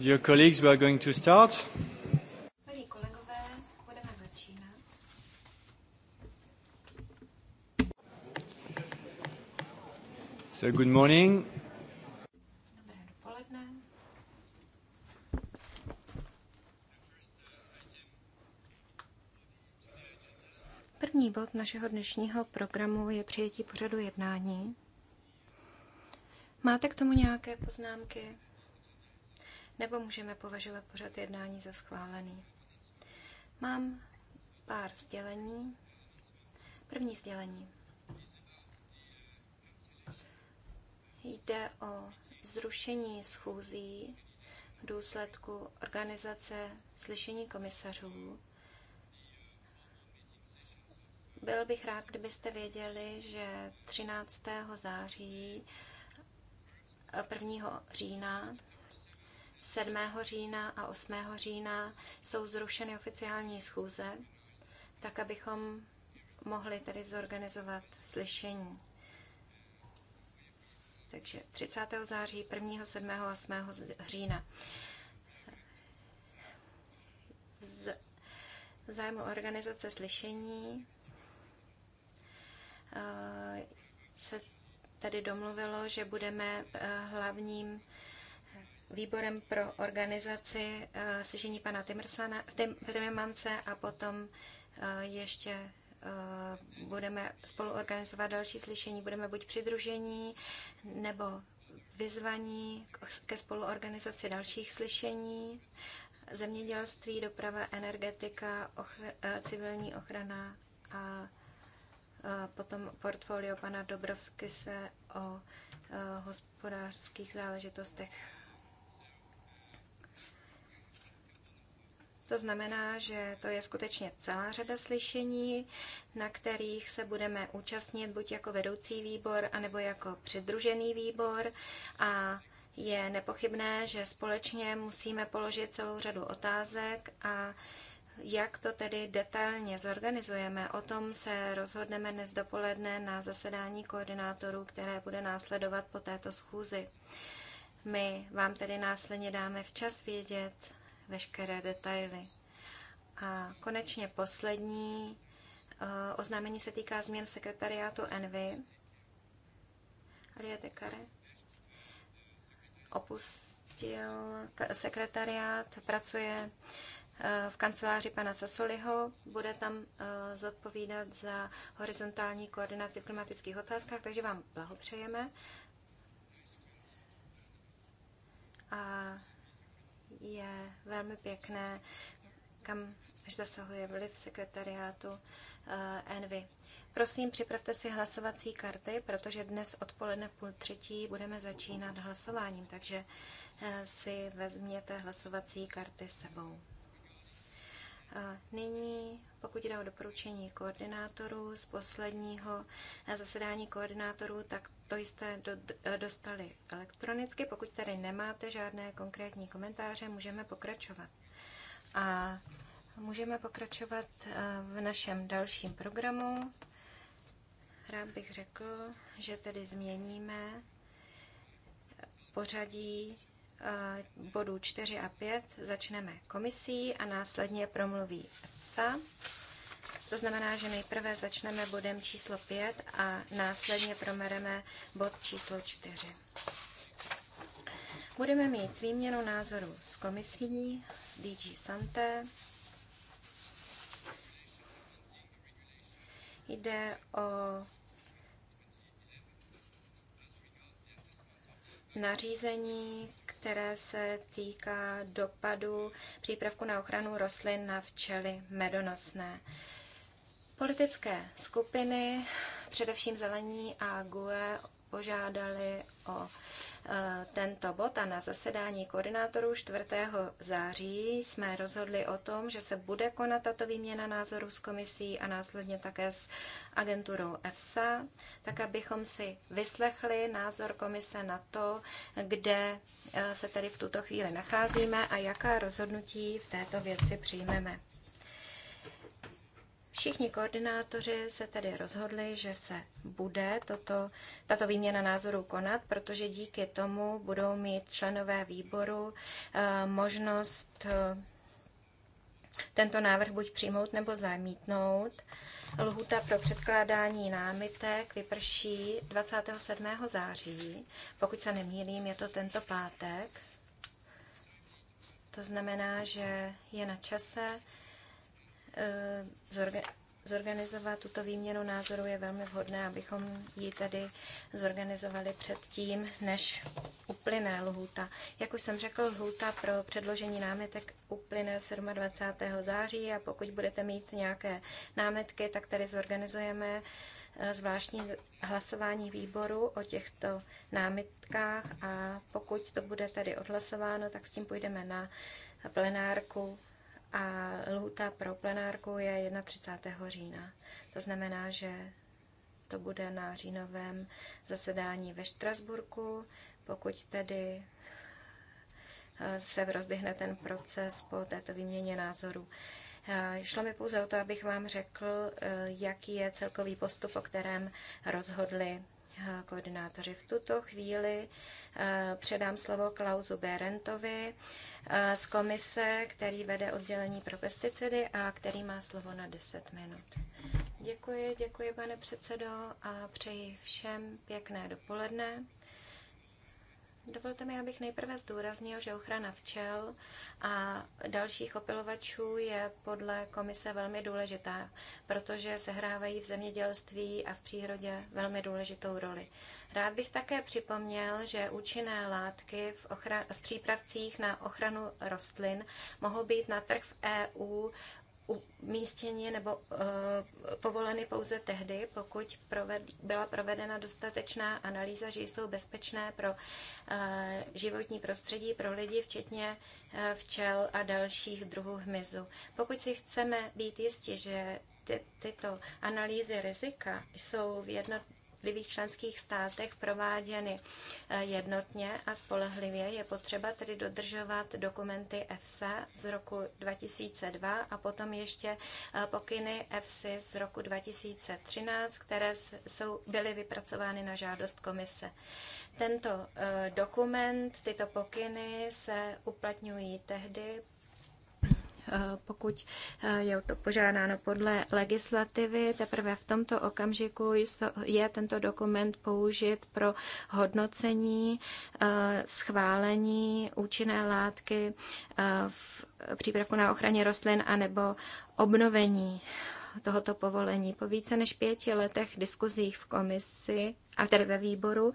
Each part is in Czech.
Dear colleagues, we are going to start. So good morning. Dobré První bod našeho dnešního programu je přijetí pořadu jednání. Máte k tomu nějaké poznámky? nebo můžeme považovat pořad jednání za schválený. Mám pár sdělení. První sdělení. Jde o zrušení schůzí v důsledku organizace slyšení komisařů. Byl bych rád, kdybyste věděli, že 13. září 1. října 7. října a 8. října jsou zrušeny oficiální schůze, tak abychom mohli tedy zorganizovat slyšení. Takže 30. září, 1. 7. a 8. října. Z, zájmu organizace slyšení eh, se tady domluvilo, že budeme eh, hlavním výborem pro organizaci eh, slyšení pana Timrsana Tim, Timmermance a potom eh, ještě eh, budeme spolu organizovat další slyšení. Budeme buď přidružení nebo vyzvaní ke spoluorganizaci dalších slyšení. Zemědělství, doprava, energetika, ochr- civilní ochrana a potom portfolio pana Dobrovsky se o hospodářských záležitostech To znamená, že to je skutečně celá řada slyšení, na kterých se budeme účastnit buď jako vedoucí výbor, anebo jako přidružený výbor. A je nepochybné, že společně musíme položit celou řadu otázek a jak to tedy detailně zorganizujeme, o tom se rozhodneme dnes dopoledne na zasedání koordinátorů, které bude následovat po této schůzi. My vám tedy následně dáme včas vědět, veškeré detaily. A konečně poslední eh, oznámení se týká změn v sekretariátu Envy. Alia kare opustil sekretariát, pracuje eh, v kanceláři pana Sasoliho, bude tam eh, zodpovídat za horizontální koordinaci v klimatických otázkách, takže vám blahopřejeme. A je velmi pěkné, kam až zasahuje vliv sekretariátu eh, Envy. Prosím, připravte si hlasovací karty, protože dnes odpoledne v půl třetí budeme začínat hlasováním, takže eh, si vezměte hlasovací karty sebou. A nyní, pokud jde o doporučení koordinátorů z posledního zasedání koordinátorů, tak to jste dostali elektronicky. Pokud tady nemáte žádné konkrétní komentáře, můžeme pokračovat. A můžeme pokračovat eh, v našem dalším programu. Rád bych řekl, že tedy změníme pořadí Eh, bodů 4 a 5 začneme komisí a následně promluví ECA. To znamená, že nejprve začneme bodem číslo 5 a následně promereme bod číslo 4. Budeme mít výměnu názoru s komisí, s DG Santé. Jde o nařízení které se týká dopadu přípravku na ochranu rostlin na včely medonosné. Politické skupiny, především Zelení a GUE, požádali o Eh, tento bod a na zasedání koordinátorů 4. září jsme rozhodli o tom, že se bude konat tato výměna názorů s komisí a následně také s agenturou EFSA, tak abychom si vyslechli názor komise na to, kde eh, se tedy v tuto chvíli nacházíme a jaká rozhodnutí v této věci přijmeme. Všichni koordinátoři se tedy rozhodli, že se bude toto, tato výměna názorů konat, protože díky tomu budou mít členové výboru eh, možnost eh, tento návrh buď přijmout nebo zamítnout. Lhuta pro předkládání námitek vyprší 27. září. Pokud se nemýlím, je to tento pátek. To znamená, že je na čase, Eh, zorganizovat tuto výměnu názoru je velmi vhodné, abychom ji tedy zorganizovali předtím, než uplyne lhůta. Jak už jsem řekl, lhůta pro předložení námitek uplyne 27. září a pokud budete mít nějaké námitky, tak tady zorganizujeme eh, zvláštní hlasování výboru o těchto námitkách a pokud to bude tady odhlasováno, tak s tím půjdeme na plenárku a lhůta pro plenárku je 31. října. To znamená, že to bude na říjnovém zasedání ve Štrasburku. Pokud tedy eh, se rozběhne ten proces po této výměně názorů. Eh, šlo mi pouze o to, abych vám řekl, eh, jaký je celkový postup, o kterém rozhodli koordinátoři. V tuto chvíli eh, předám slovo Klausu Berentovi eh, z komise, který vede oddělení pro pesticidy a který má slovo na 10 minut. Děkuji, děkuji pane předsedo a přeji všem pěkné dopoledne. Dovolte mi, abych nejprve zdůraznil, že ochrana včel a dalších opilovačů je podle komise velmi důležitá, protože sehrávají v zemědělství a v přírodě velmi důležitou roli. Rád bych také připomněl, že účinné látky v, ochra- v přípravcích na ochranu rostlin mohou být na trh v EU umístěni nebo eh, povoleny pouze tehdy, pokud byla provedena dostatečná analýza, že jsou bezpečné pro eh, životní prostředí, pro lidi, včetně eh, včel a dalších druhů hmyzu. Pokud si chceme být jisti, že ty, tyto analýzy rizika jsou v jednotlivých jednotlivých členských státech prováděny eh, jednotně a spolehlivě. Je potřeba tedy dodržovat dokumenty EFSA z roku 2002 a potom ještě eh, pokyny EFSI z roku 2013, které jsou, byly vypracovány na žádost komise. Tento eh, dokument, tyto pokyny se uplatňují tehdy, Eh, pokud eh, je to požádáno podle legislativy. Teprve v tomto okamžiku je tento dokument použit pro hodnocení eh, schválení účinné látky v přípravku na ochraně rostlin anebo obnovení tohoto povolení. Po více než pěti letech diskuzích v komisi a tedy ve výboru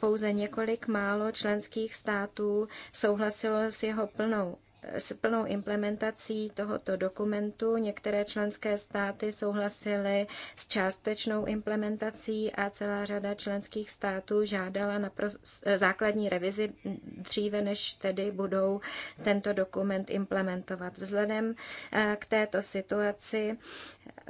pouze několik málo členských států souhlasilo s jeho plnou s plnou implementací tohoto dokumentu. Některé členské státy souhlasily s částečnou implementací a celá řada členských států žádala na základní revizi dříve, než tedy budou tento dokument implementovat. Vzhledem eh, k této situaci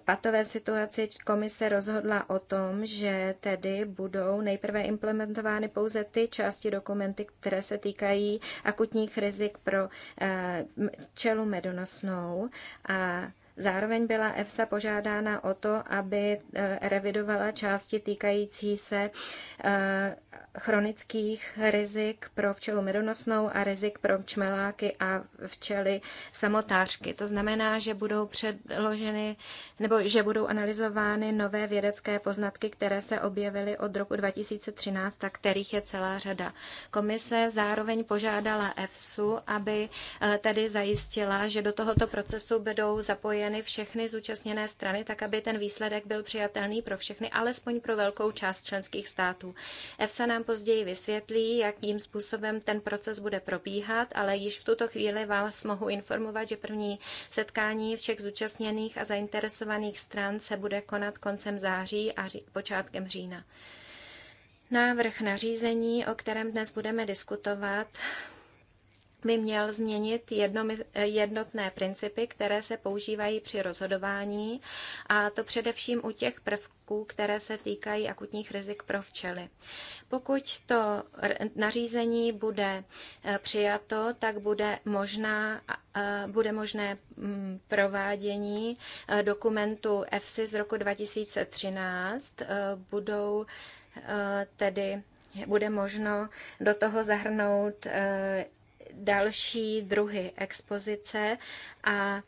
patové situaci komise rozhodla o tom, že tedy budou nejprve implementovány pouze ty části dokumenty, které se týkají akutních rizik pro eh, čelu medonosnou a Zároveň byla EFSA požádána o to, aby eh, revidovala části týkající se eh, chronických rizik pro včelu medonosnou a rizik pro čmeláky a včely samotářky. To znamená, že budou předloženy nebo že budou analyzovány nové vědecké poznatky, které se objevily od roku 2013 a kterých je celá řada. Komise zároveň požádala EFSU, aby eh, tedy zajistila, že do tohoto procesu budou zapojeny zapojeny všechny zúčastněné strany, tak aby ten výsledek byl přijatelný pro všechny, alespoň pro velkou část členských států. EFSA nám později vysvětlí, jakým způsobem ten proces bude probíhat, ale již v tuto chvíli vás mohu informovat, že první setkání všech zúčastněných a zainteresovaných stran se bude konat koncem září a počátkem října. Návrh nařízení, o kterém dnes budeme diskutovat, by měl změnit jednotné principy, které se používají při rozhodování, a to především u těch prvků, které se týkají akutních rizik pro včely. Pokud to nařízení bude e, přijato, tak bude, možná, e, bude možné mm, provádění e, dokumentu EFSI z roku 2013. Budou tedy bude možno do toho zahrnout další druhy expozice a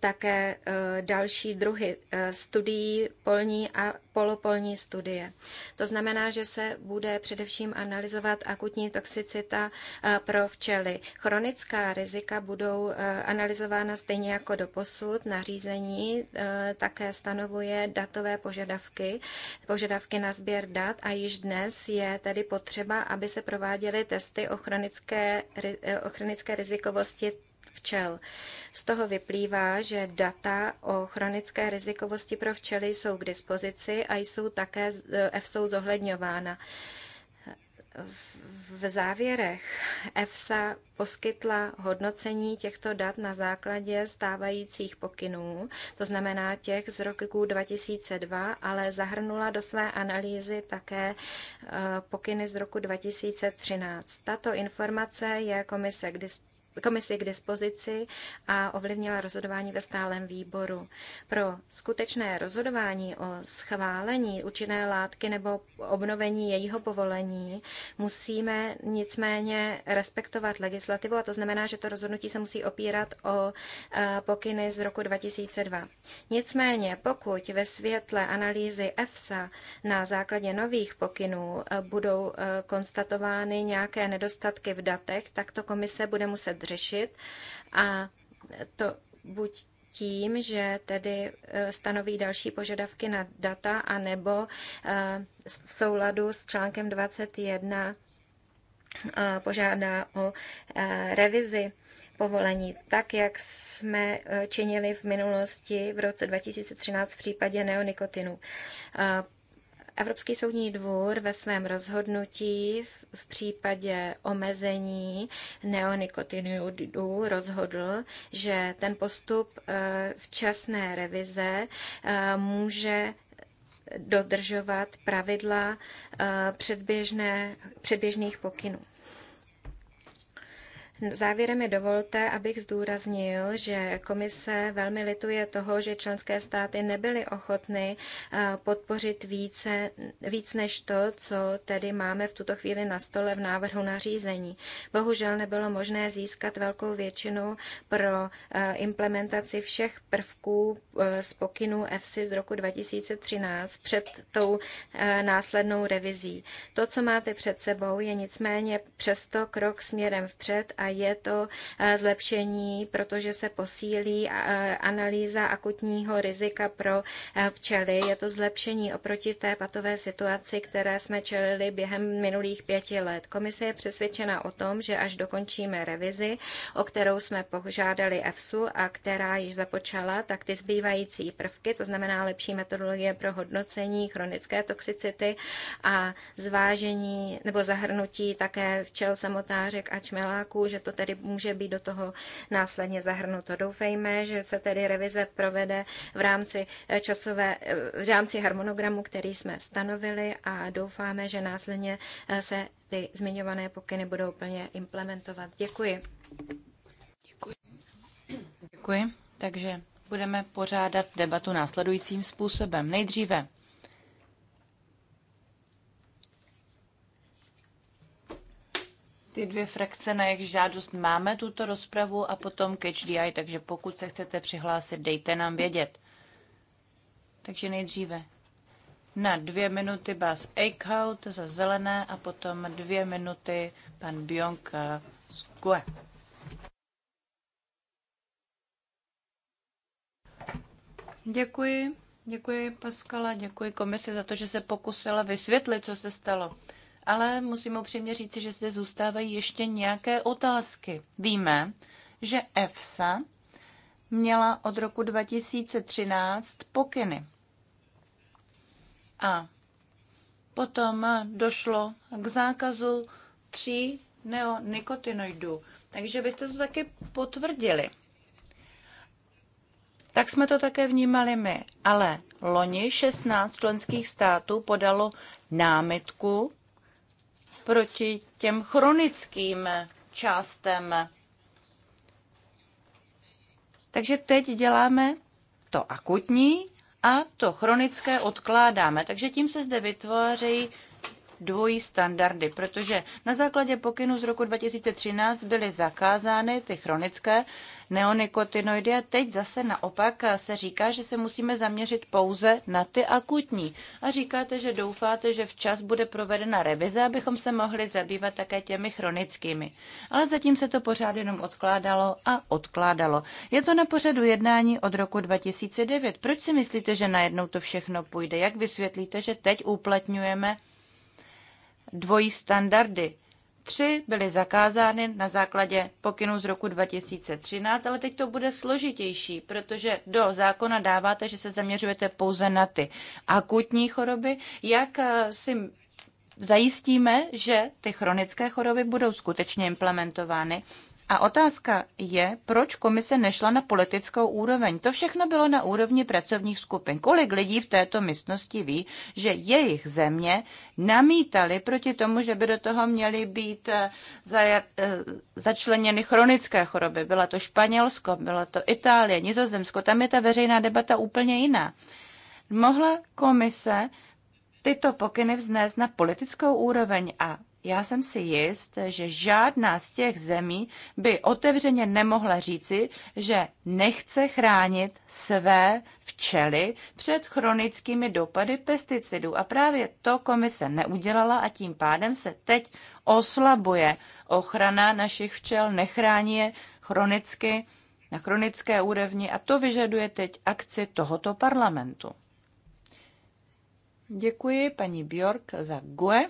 také eh, další druhy eh, studií, polní a polopolní studie. To znamená, že se bude především analyzovat akutní toxicita eh, pro včely. Chronická rizika budou analyzována stejně jako do posud. Nařízení také stanovuje datové požadavky, požadavky na sběr dat a již dnes je tedy potřeba, aby se prováděly testy o chronické, o chronické rizikovosti včel. Z toho vyplývá, že data o chronické rizikovosti pro včely jsou k dispozici a jsou také EFSA eh, zohledňována. V závěrech EFSA poskytla hodnocení těchto dat na základě stávajících pokynů, to znamená těch z roku 2002, ale zahrnula do své analýzy také eh, pokyny z roku 2013. Tato informace je komise k dispozici komisi k dispozici a ovlivnila rozhodování ve stálem výboru. Pro skutečné rozhodování o schválení účinné látky nebo obnovení jejího povolení musíme nicméně respektovat legislativu a to znamená, že to rozhodnutí se musí opírat o e, pokyny z roku 2002. Nicméně, pokud ve světle analýzy EFSA na základě nových pokynů e, budou e, konstatovány nějaké nedostatky v datech, tak to komise bude muset řešit a to buď tím, že tedy e, stanoví další požadavky na data, anebo e, v souladu s článkem 21 e, požádá o revizi povolení, tak jak jsme činili v minulosti v roce 2013 v případě neonikotinu. Evropský soudní dvůr ve svém rozhodnutí v, případě omezení neonikotinoidů rozhodl, že ten postup eh, včasné revize eh, může dodržovat pravidla eh, předběžné, předběžných pokynů. Závěrem mi dovolte, abych zdůraznil, že komise velmi lituje toho, že členské státy nebyly ochotny eh, podpořit více, víc než to, co tedy máme v tuto chvíli na stole v návrhu nařízení. Bohužel nebylo možné získat velkou většinu pro eh, implementaci všech prvků eh, z pokynů EFSI z roku 2013 před tou následnou revizí. To, co máte před sebou, je nicméně přesto krok směrem vpřed a je to eh, zlepšení, protože se posílí eh, analýza akutního rizika pro eh, včely. Je to zlepšení oproti té patové situaci, které jsme čelili během minulých pěti let. Komise je přesvědčena o tom, že až dokončíme revizi, o kterou jsme požádali EFSU a která již započala, tak ty zbývající prvky, to znamená lepší metodologie pro hodnocení chronické toxicity a zvážení nebo zahrnutí také včel samotářek a čmeláků, že to tedy může být do toho následně zahrnuto. Doufejme, že se tedy revize provede v rámci eh, časové, eh, v rámci harmonogramu, který jsme stanovili a doufáme, že následně eh, se ty zmiňované pokyny budou plně implementovat. Děkuji. Děkuji. Děkuji. Takže budeme pořádat debatu následujícím způsobem. Nejdříve ty dvě frakce, na jejich žádost máme tuto rozpravu a potom Catch takže pokud se chcete přihlásit, dejte nám vědět. Takže nejdříve na dvě minuty Bas Eichhout za zelené a potom dvě minuty pan Bionk z GUE. Děkuji, děkuji Paskala, děkuji komisi za to, že se pokusila vysvětlit, co se stalo ale musím upřímně říci, že zde zůstávají ještě nějaké otázky. Víme, že EFSA měla od roku 2013 pokyny. A potom došlo k zákazu tří neonikotinoidů. Takže byste to taky potvrdili. Tak jsme to také vnímali my. Ale loni 16 členských států podalo námitku proti těm chronickým částem. Takže teď děláme to akutní a to chronické odkládáme. Takže tím se zde vytvoří dvojí standardy, protože na základě pokynu z roku 2013 byly zakázány ty chronické neonikotinoidy a teď zase naopak se říká, že se musíme zaměřit pouze na ty akutní. A říkáte, že doufáte, že včas bude provedena revize, abychom se mohli zabývat také těmi chronickými. Ale zatím se to pořád jenom odkládalo a odkládalo. Je to na pořadu jednání od roku 2009. Proč si myslíte, že najednou to všechno půjde? Jak vysvětlíte, že teď uplatňujeme dvojí standardy? Tři byly zakázány na základě pokynů z roku 2013, ale teď to bude složitější, protože do zákona dáváte, že se zaměřujete pouze na ty akutní choroby. Jak eh, si zajistíme, že ty chronické choroby budou skutečně implementovány a otázka je, proč komise nešla na politickou úroveň. To všechno bylo na úrovni pracovních skupin. Kolik lidí v této místnosti ví, že jejich země namítali proti tomu, že by do toho měly být eh, eh, začleněny chronické choroby. Byla to Španělsko, byla to Itálie, Nizozemsko. Tam je ta veřejná debata úplně jiná. Mohla komise tyto pokyny vznést na politickou úroveň a já jsem si jist, že žádná z těch zemí by otevřeně nemohla říci, že nechce chránit své včely před chronickými dopady pesticidů. A právě to komise neudělala a tím pádem se teď oslabuje ochrana našich včel, nechrání je chronicky na chronické úrovni a to vyžaduje teď akci tohoto parlamentu. Děkuji paní Bjork za GUE.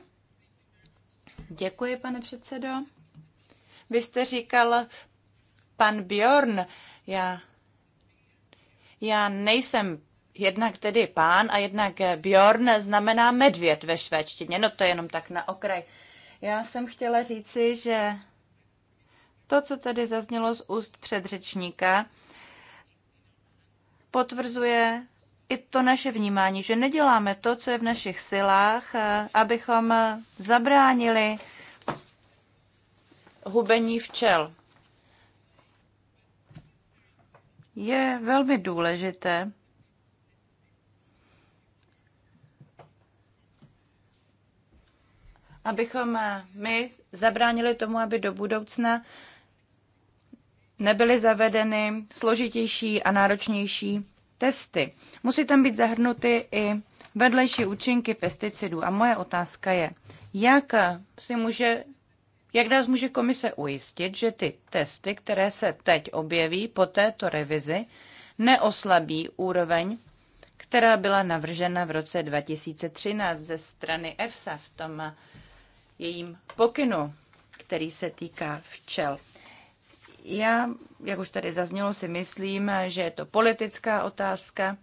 Děkuji, pane předsedo. Vy jste říkal pan Bjorn. Já, já nejsem jednak tedy pán a jednak Bjorn znamená medvěd ve švédštině. No to je jenom tak na okraj. Já jsem chtěla říci, že to, co tady zaznělo z úst předřečníka, potvrzuje i to naše vnímání, že neděláme to, co je v našich silách, eh, abychom eh, zabránili hubení včel. Je velmi důležité, abychom eh, my zabránili tomu, aby do budoucna nebyly zavedeny složitější a náročnější testy. Musí tam být zahrnuty i vedlejší účinky pesticidů. A moje otázka je, jak si může jak nás může komise ujistit, že ty testy, které se teď objeví po této revizi, neoslabí úroveň, která byla navržena v roce 2013 ze strany EFSA v tom jejím pokynu, který se týká včel. Já, jak už tady zaznělo, si myslím, že je to politická otázka.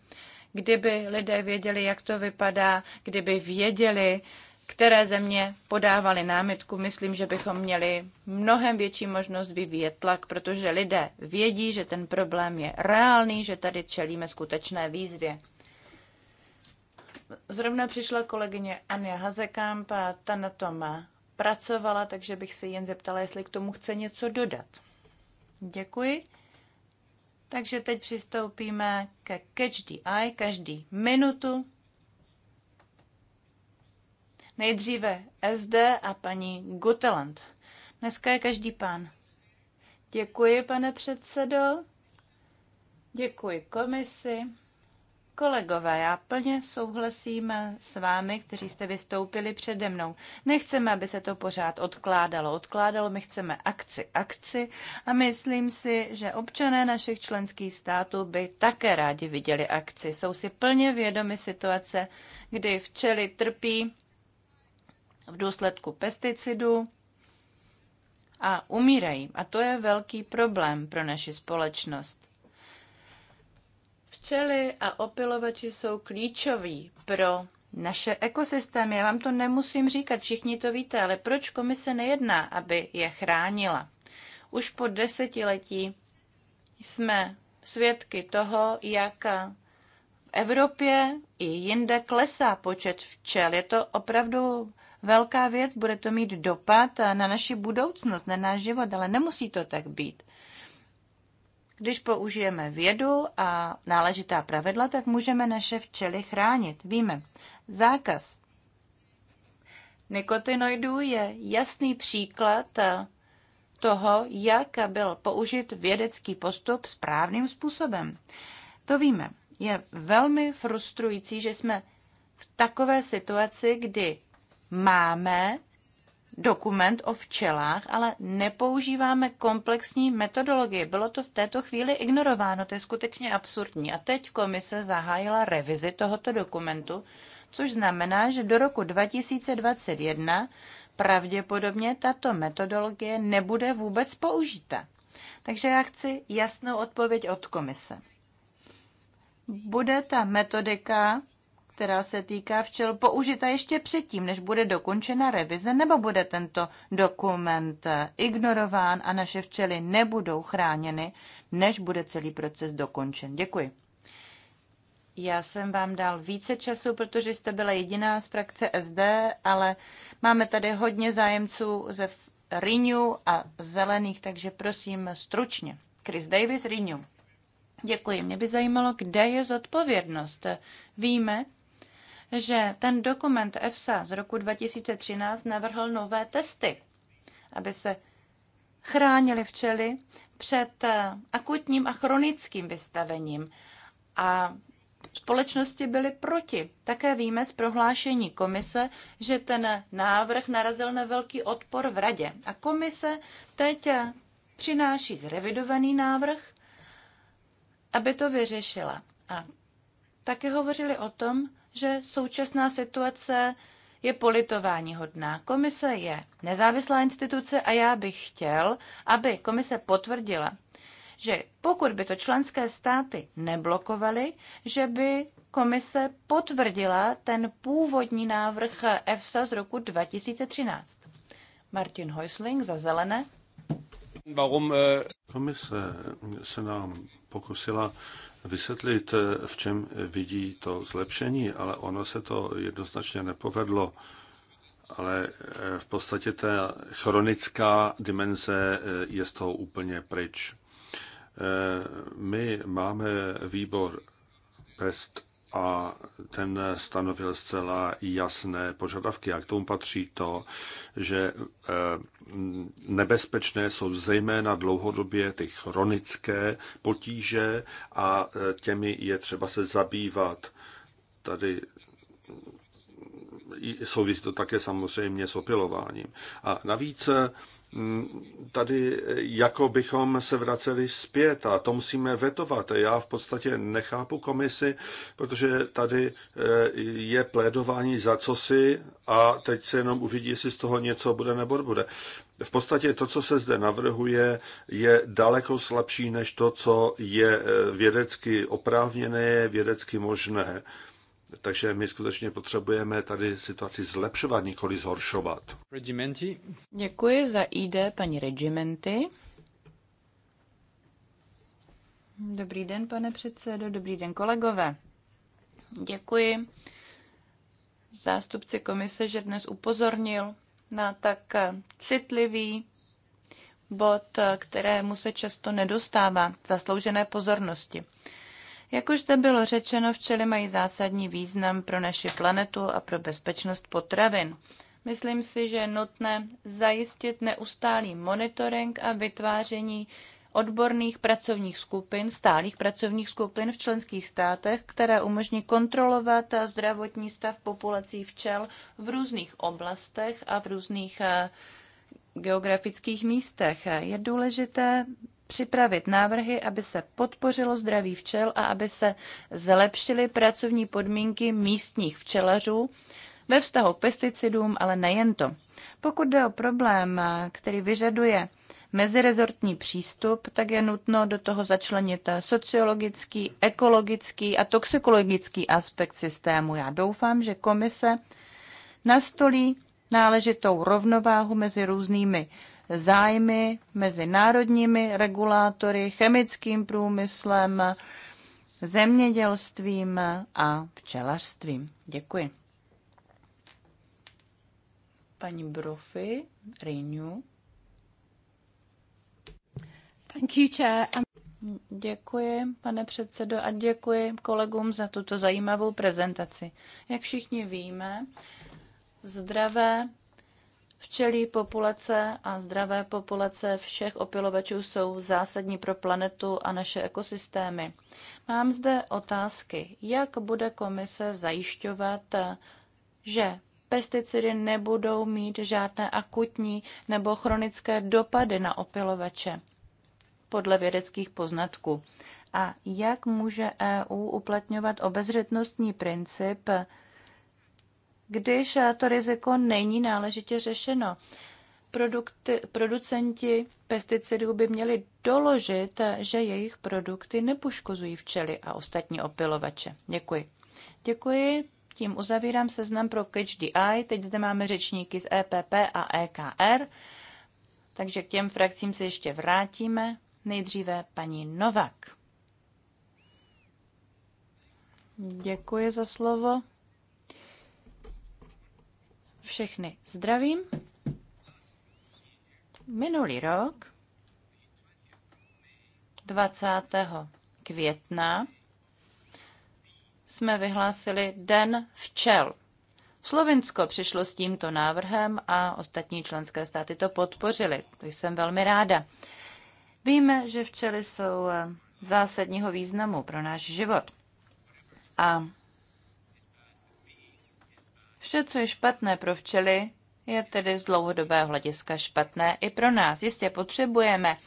Kdyby lidé věděli, jak to vypadá, kdyby věděli, které země podávaly námitku, myslím, že bychom měli mnohem větší možnost vyvíjet tlak, protože lidé vědí, že ten problém je reálný, že tady čelíme skutečné výzvě. Zrovna přišla kolegyně Anja Hazekamp a ta na tom pracovala, takže bych se jen zeptala, jestli k tomu chce něco dodat. Děkuji. Takže teď přistoupíme ke catch the eye, každý minutu. Nejdříve SD a paní Guteland. Dneska je každý pán. Děkuji, pane předsedo. Děkuji komisi. Kolegové, já plně souhlasím s vámi, kteří jste vystoupili přede mnou. Nechceme, aby se to pořád odkládalo. Odkládalo, my chceme akci, akci a myslím si, že občané našich členských států by také rádi viděli akci. Jsou si plně vědomi situace, kdy včely trpí v důsledku pesticidů a umírají. A to je velký problém pro naši společnost. Včely a opilovači jsou klíčoví pro naše ekosystémy. Já vám to nemusím říkat, všichni to víte, ale proč komise nejedná, aby je chránila? Už po desetiletí jsme svědky toho, jak v Evropě i jinde klesá počet včel. Je to opravdu velká věc, bude to mít dopad na naši budoucnost, na náš život, ale nemusí to tak být. Když použijeme vědu a náležitá pravidla, tak můžeme naše včely chránit. Víme, zákaz nikotinoidů je jasný příklad toho, jak byl použit vědecký postup správným způsobem. To víme. Je velmi frustrující, že jsme v takové situaci, kdy máme dokument o včelách, ale nepoužíváme komplexní metodologii. Bylo to v této chvíli ignorováno, to je skutečně absurdní. A teď komise zahájila revizi tohoto dokumentu, což znamená, že do roku 2021 pravděpodobně tato metodologie nebude vůbec použita. Takže já chci jasnou odpověď od komise. Bude ta metodika která se týká včel, použita ještě předtím, než bude dokončena revize, nebo bude tento dokument ignorován a naše včely nebudou chráněny, než bude celý proces dokončen? Děkuji. Já jsem vám dal více času, protože jste byla jediná z frakce SD, ale máme tady hodně zájemců ze Renew a Zelených, takže prosím stručně. Chris Davis, Renew. Děkuji. Mě by zajímalo, kde je zodpovědnost. Víme, že ten dokument EFSA z roku 2013 navrhl nové testy, aby se chránili včely před eh, akutním a chronickým vystavením. A společnosti byly proti. Také víme z prohlášení komise, že ten návrh narazil na velký odpor v radě. A komise teď eh, přináší zrevidovaný návrh, aby to vyřešila. A také hovořili o tom, že současná situace je politování hodná. Komise je nezávislá instituce a já bych chtěl, aby komise potvrdila, že pokud by to členské státy neblokovaly, že by komise potvrdila ten původní návrh EFSA z roku 2013. Martin Heusling za zelené. Eh, komise se nám pokusila vysvětlit, v čem vidí to zlepšení, ale ono se to jednoznačně nepovedlo. Ale eh, v podstatě ta chronická dimenze eh, je z toho úplně pryč. Eh, my máme výbor Pest a ten stanovil zcela jasné požadavky. A k tomu patří to, že eh, nebezpečné jsou zejména dlouhodobě ty chronické potíže a eh, těmi je třeba se zabývat. Tady souvisí to také samozřejmě s opilováním. A navíc eh, Mm, tady eh, jako bychom se vraceli zpět a to musíme vetovat. Já v podstatě nechápu komisi, protože tady eh, je plédování za cosi a teď se jenom uvidí, jestli z toho něco bude nebo bude. V podstatě to, co se zde navrhuje, je daleko slabší než to, co je eh, vědecky oprávněné, vědecky možné. Takže my skutečně potřebujeme tady situaci zlepšovat, nikoli zhoršovat. Regimenti. Děkuji za ID paní Regimenty. Dobrý den, pane předsedo, dobrý den, kolegové. Děkuji zástupci komise, že dnes upozornil na tak citlivý bod, kterému se často nedostává zasloužené pozornosti. Jak už zde bylo řečeno, včely mají zásadní význam pro naši planetu a pro bezpečnost potravin. Myslím si, že je nutné zajistit neustálý monitoring a vytváření odborných pracovních skupin, stálých pracovních skupin v členských státech, které umožní kontrolovat zdravotní stav populací včel v různých oblastech a v různých eh, geografických místech. Je důležité připravit návrhy, aby se podpořilo zdraví včel a aby se zlepšily pracovní podmínky místních včelařů ve vztahu k pesticidům, ale nejen to. Pokud jde o problém, který vyžaduje mezirezortní přístup, tak je nutno do toho začlenit sociologický, ekologický a toxikologický aspekt systému. Já doufám, že komise nastolí náležitou rovnováhu mezi různými zájmy, mezi národními regulátory, chemickým průmyslem, zemědělstvím a včelařstvím. Děkuji. Paní Brofy, Renew. Thank you, chair. Um, děkuji, pane předsedo, a děkuji kolegům za tuto zajímavou prezentaci. Jak všichni víme, zdravé včelí populace a zdravé populace všech opilovačů jsou zásadní pro planetu a naše ekosystémy. Mám zde otázky. Jak bude komise zajišťovat, že pesticidy nebudou mít žádné akutní nebo chronické dopady na opilovače podle vědeckých poznatků? A jak může EU uplatňovat obezřetnostní princip když eh, to riziko není náležitě řešeno. Produkty, producenti pesticidů by měli doložit, eh, že jejich produkty nepoškozují včely a ostatní opilovače. Děkuji. Děkuji. Tím uzavírám seznam pro Catch the Eye. Teď zde máme řečníky z EPP a EKR, takže k těm frakcím se ještě vrátíme. Nejdříve paní Novak. Děkuji za slovo všechny zdravím. Minulý rok 20. května jsme vyhlásili Den včel. Slovinsko přišlo s tímto návrhem a ostatní členské státy to podpořili. To jsem velmi ráda. Víme, že včely jsou eh, zásadního významu pro náš život. A Vše, co je špatné pro včely, je tedy z dlouhodobého hlediska špatné i pro nás. Jistě potřebujeme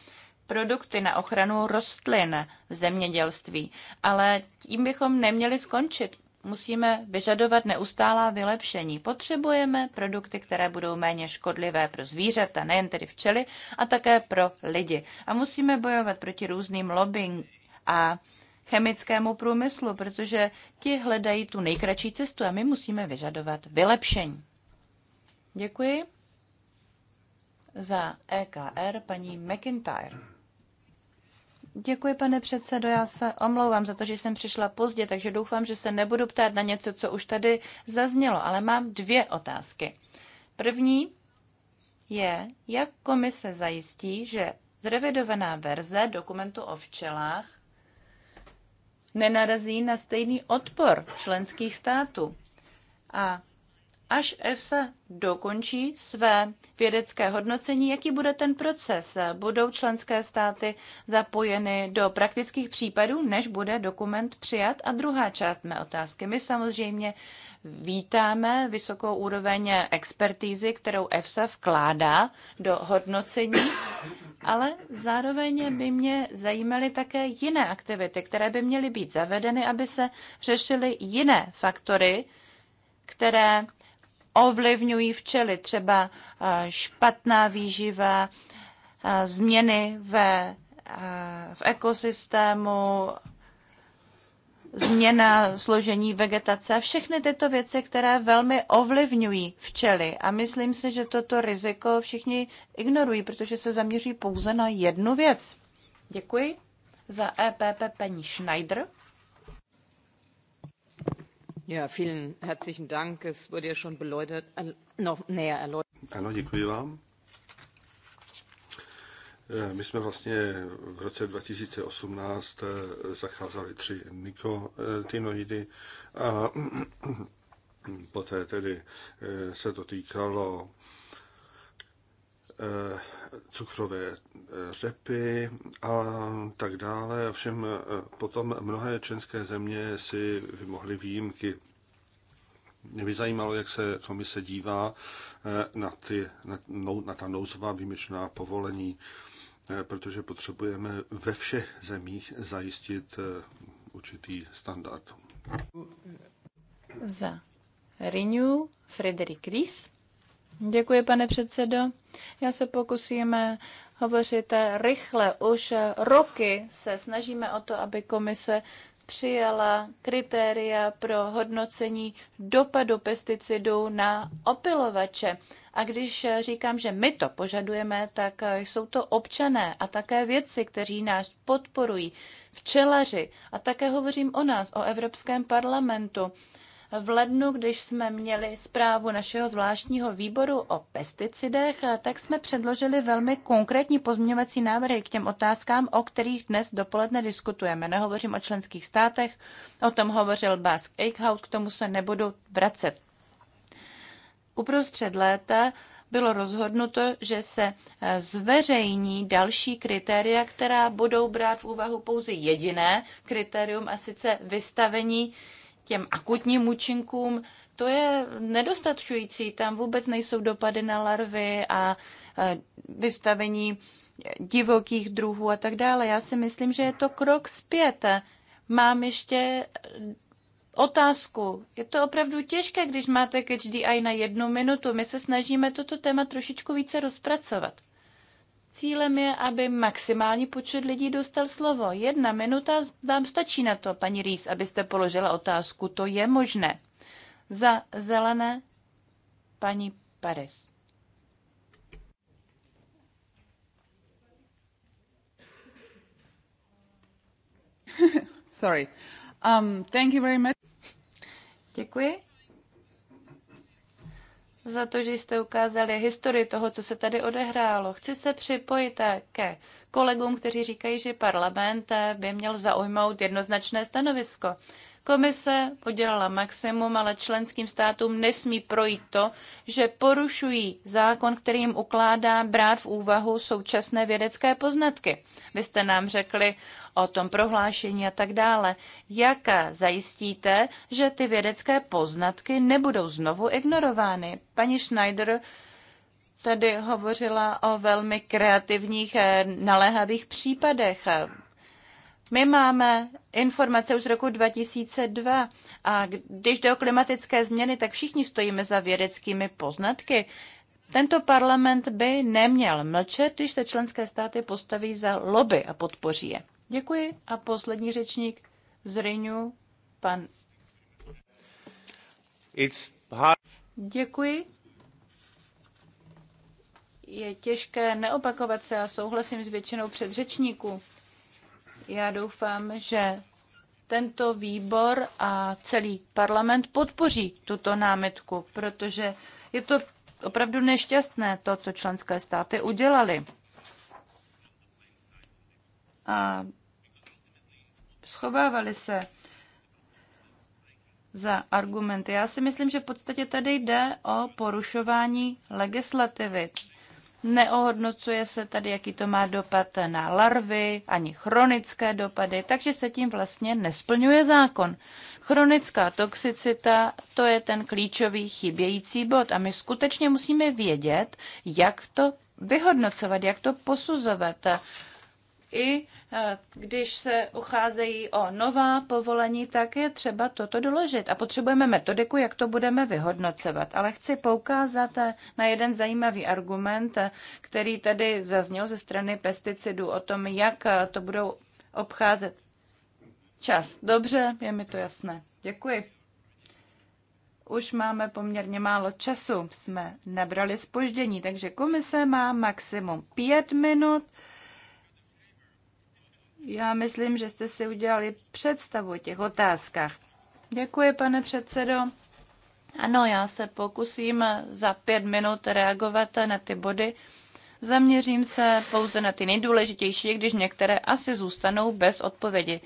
produkty na ochranu rostlin v zemědělství, ale tím bychom neměli skončit. Musíme vyžadovat neustálá vylepšení. Potřebujeme produkty, které budou méně škodlivé pro zvířata, nejen tedy včely, a také pro lidi. A musíme bojovat proti různým lobbying a chemickému průmyslu, protože ti hledají tu nejkratší cestu a my musíme vyžadovat vylepšení. Děkuji za EKR paní McIntyre. Děkuji, pane předsedo. Já se omlouvám za to, že jsem přišla pozdě, takže doufám, že se nebudu ptát na něco, co už tady zaznělo, ale mám dvě otázky. První je, jak komise zajistí, že zrevidovaná verze dokumentu o včelách nenarazí na stejný odpor členských států. A až EFSA dokončí své vědecké hodnocení, jaký bude ten proces? Budou členské státy zapojeny do praktických případů, než bude dokument přijat? A druhá část mé otázky. My samozřejmě Vítáme vysokou úroveň expertízy, kterou EFSA vkládá do hodnocení, ale zároveň by mě zajímaly také jiné aktivity, které by měly být zavedeny, aby se řešily jiné faktory, které ovlivňují včely, třeba eh, špatná výživa, eh, změny ve, eh, v ekosystému, změna složení vegetace, všechny tyto věci, které velmi ovlivňují včely. A myslím si, že toto riziko všichni ignorují, protože se zaměří pouze na jednu věc. Děkuji za EPP paní Schneider. Ja, vielen herzlichen Dank. Es wurde ja schon beleuchtet, äh, noch näher erläutert. Ano, děkuji vám. Eh, my jsme vlastně v roce 2018 eh, zacházeli tři nikotinoidy a poté tedy eh, se to týkalo cukrové řepy a tak dále. Ovšem potom mnohé české země si vymohly výjimky. Mě by zajímalo, jak se komise dívá na, ty, na, na ta nouzová výjimečná povolení. Eh, protože potřebujeme ve všech zemích zajistit eh, určitý standard. Za Renew Frederik Ries. Děkuji, pane předsedo. Já se pokusím eh, hovořit rychle. Už roky se snažíme o to, aby komise přijala kritéria pro hodnocení dopadu pesticidů na opilovače. A když eh, říkám, že my to požadujeme, tak eh, jsou to občané a také věci, kteří nás podporují, včelaři. A také hovořím o nás, o Evropském parlamentu. V lednu, když jsme měli zprávu našeho zvláštního výboru o pesticidech, eh, tak jsme předložili velmi konkrétní pozměňovací návrhy k těm otázkám, o kterých dnes dopoledne diskutujeme. Nehovořím o členských státech, o tom hovořil Bask Eichhout, k tomu se nebudu vracet. Uprostřed léta bylo rozhodnuto, že se eh, zveřejní další kritéria, která budou brát v úvahu pouze jediné kritérium, a sice vystavení těm akutním účinkům. To je nedostatčující, tam vůbec nejsou dopady na larvy a eh, vystavení divokých druhů a tak dále. Já si myslím, že je to krok zpět. Mám ještě otázku. Je to opravdu těžké, když máte každý DI na jednu minutu. My se snažíme toto téma trošičku více rozpracovat. Cílem je, aby maximální počet lidí dostal slovo. Jedna minuta vám stačí na to, paní Rýs, abyste položila otázku. To je možné. Za zelené paní Paris. Sorry. Um, thank you very much. Děkuji za to, že jste ukázali historii toho, co se tady odehrálo. Chci se připojit ke kolegům, kteří říkají, že parlament by měl zaujmout jednoznačné stanovisko. Komise podělala maximum, ale členským státům nesmí projít to, že porušují zákon, který jim ukládá brát v úvahu současné vědecké poznatky. Vy jste nám řekli o tom prohlášení a tak dále. Jak zajistíte, že ty vědecké poznatky nebudou znovu ignorovány? Paní Schneider tady hovořila o velmi kreativních, eh, naléhavých případech my máme informace už z roku 2002 a když jde o klimatické změny, tak všichni stojíme za vědeckými poznatky. Tento parlament by neměl mlčet, když se členské státy postaví za lobby a podpoří je. Děkuji a poslední řečník z Rynu, pan. It's hard. Děkuji. Je těžké neopakovat se a souhlasím s většinou předřečníků. Já doufám, že tento výbor a celý parlament podpoří tuto námitku, protože je to opravdu nešťastné, to, co členské státy udělali. A schovávali se za argumenty. Já si myslím, že v podstatě tady jde o porušování legislativy neohodnocuje se tady, jaký to má dopad na larvy, ani chronické dopady, takže se tím vlastně nesplňuje zákon. Chronická toxicita, to je ten klíčový chybějící bod a my skutečně musíme vědět, jak to vyhodnocovat, jak to posuzovat i Eh, když se ucházejí o nová povolení, tak je třeba toto doložit. A potřebujeme metodiku, jak to budeme vyhodnocovat. Ale chci poukázat eh, na jeden zajímavý argument, eh, který tady zazněl ze strany pesticidů o tom, jak to budou obcházet. Čas. Dobře, je mi to jasné. Děkuji. Už máme poměrně málo času. Jsme nabrali spoždění, takže komise má maximum pět minut já myslím, že jste si udělali představu o těch otázkách. Děkuji, pane předsedo. Ano, já se pokusím za pět minut reagovat na ty body. Zaměřím se pouze na ty nejdůležitější, když některé asi zůstanou bez odpovědi.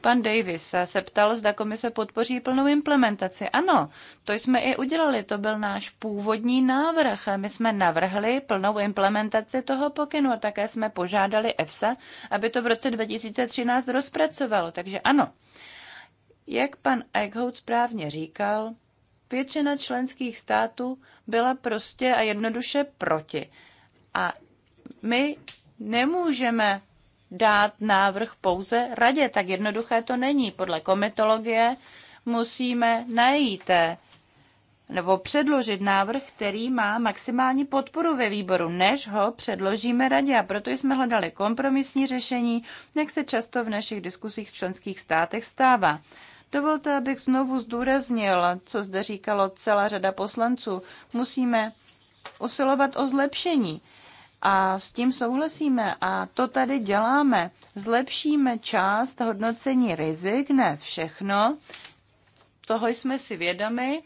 Pan Davis se ptal, zda komise podpoří plnou implementaci. Ano, to jsme i udělali, to byl náš původní návrh. My jsme navrhli plnou implementaci toho pokynu a také jsme požádali EFSA, aby to v roce 2013 rozpracovalo. Takže ano, jak pan Eichhout správně říkal, většina členských států byla prostě a jednoduše proti. A my nemůžeme dát návrh pouze radě. Tak jednoduché to není. Podle komitologie musíme najít eh, nebo předložit návrh, který má maximální podporu ve výboru, než ho předložíme radě. A proto jsme hledali kompromisní řešení, jak se často v našich diskusích v členských státech stává. Dovolte, abych znovu zdůraznil, co zde říkalo celá řada poslanců. Musíme usilovat o zlepšení a s tím souhlasíme a to tady děláme. Zlepšíme část hodnocení rizik, ne všechno, toho jsme si vědomi,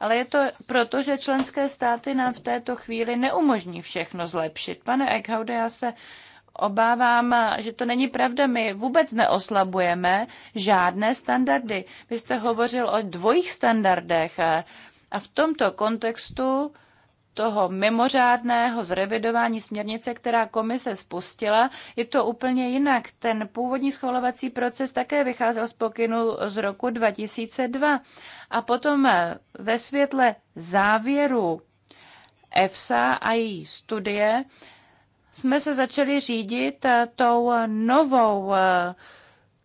ale je to proto, že členské státy nám v této chvíli neumožní všechno zlepšit. Pane Eckhaude, já se obávám, že to není pravda. My vůbec neoslabujeme žádné standardy. Vy jste hovořil o dvojích standardech a v tomto kontextu toho mimořádného zrevidování směrnice, která komise spustila, je to úplně jinak. Ten původní schvalovací proces také vycházel z pokynu z roku 2002. A potom eh, ve světle závěru EFSA a její studie jsme se začali řídit eh, tou novou eh,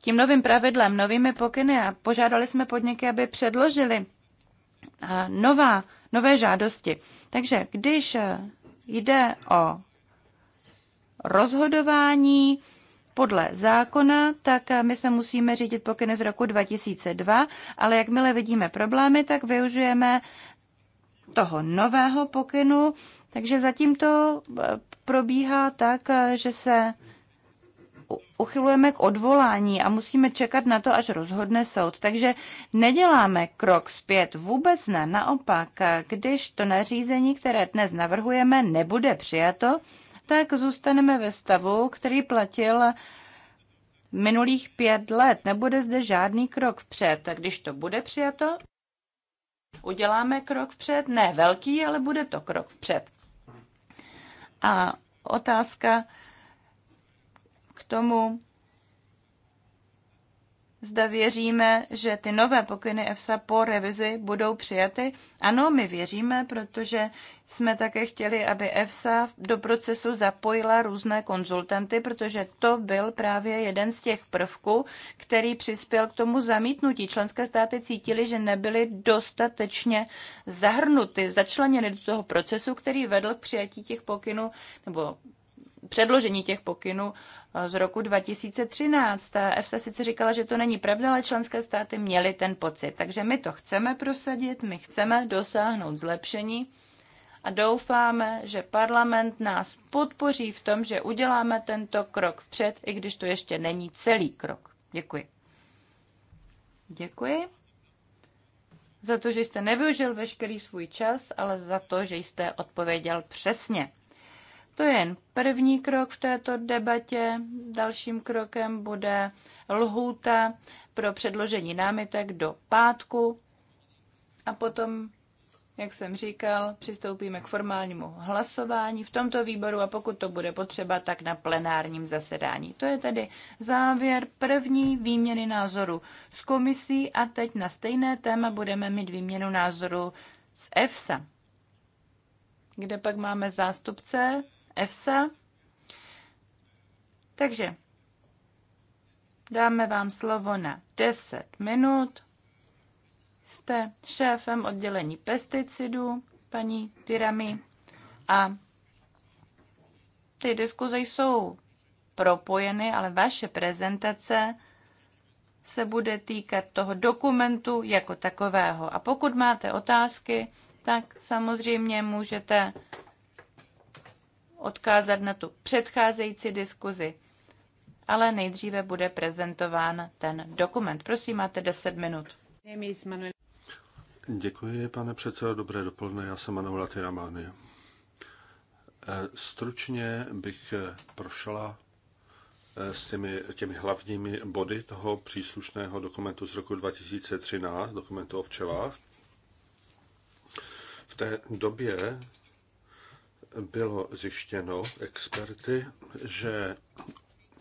tím novým pravidlem, novými pokyny a požádali jsme podniky, aby předložili nová, nové žádosti. Takže když jde o rozhodování podle zákona, tak my se musíme řídit pokyny z roku 2002, ale jakmile vidíme problémy, tak využijeme toho nového pokynu, takže zatím to eh, probíhá tak, eh, že se uchylujeme k odvolání a musíme čekat na to, až rozhodne soud. Takže neděláme krok zpět, vůbec ne. Naopak, když to nařízení, které dnes navrhujeme, nebude přijato, tak zůstaneme ve stavu, který platil minulých pět let. Nebude zde žádný krok vpřed. Tak když to bude přijato, uděláme krok vpřed. Ne velký, ale bude to krok vpřed. A otázka, k tomu, zda věříme, že ty nové pokyny EFSA po revizi budou přijaty. Ano, my věříme, protože jsme také chtěli, aby EFSA do procesu zapojila různé konzultanty, protože to byl právě jeden z těch prvků, který přispěl k tomu zamítnutí. Členské státy cítili, že nebyly dostatečně zahrnuty, začleněny do toho procesu, který vedl k přijetí těch pokynů nebo předložení těch pokynů eh, z roku 2013. Ta EFSA sice říkala, že to není pravda, ale členské státy měly ten pocit. Takže my to chceme prosadit, my chceme dosáhnout zlepšení a doufáme, že parlament nás podpoří v tom, že uděláme tento krok vpřed, i když to ještě není celý krok. Děkuji. Děkuji za to, že jste nevyužil veškerý svůj čas, ale za to, že jste odpověděl přesně. To je jen první krok v této debatě. Dalším krokem bude lhůta pro předložení námitek do pátku a potom, jak jsem říkal, přistoupíme k formálnímu hlasování v tomto výboru a pokud to bude potřeba, tak na plenárním zasedání. To je tedy závěr první výměny názoru s komisí a teď na stejné téma budeme mít výměnu názoru s EFSA, kde pak máme zástupce EFSA. Takže dáme vám slovo na 10 minut. Jste šéfem oddělení pesticidů, paní Tyrami, a ty diskuze jsou propojeny, ale vaše prezentace se bude týkat toho dokumentu jako takového. A pokud máte otázky, tak samozřejmě můžete odkázat na tu předcházející diskuzi, ale nejdříve bude prezentován ten dokument. Prosím, máte 10 minut. Děkuji, pane předsedo. Dobré dopoledne, já jsem Manuela Tyramány. E, stručně bych e, prošla e, s těmi, těmi hlavními body toho příslušného dokumentu z roku 2013, dokumentu o včelách. V té době bylo zjištěno experty, že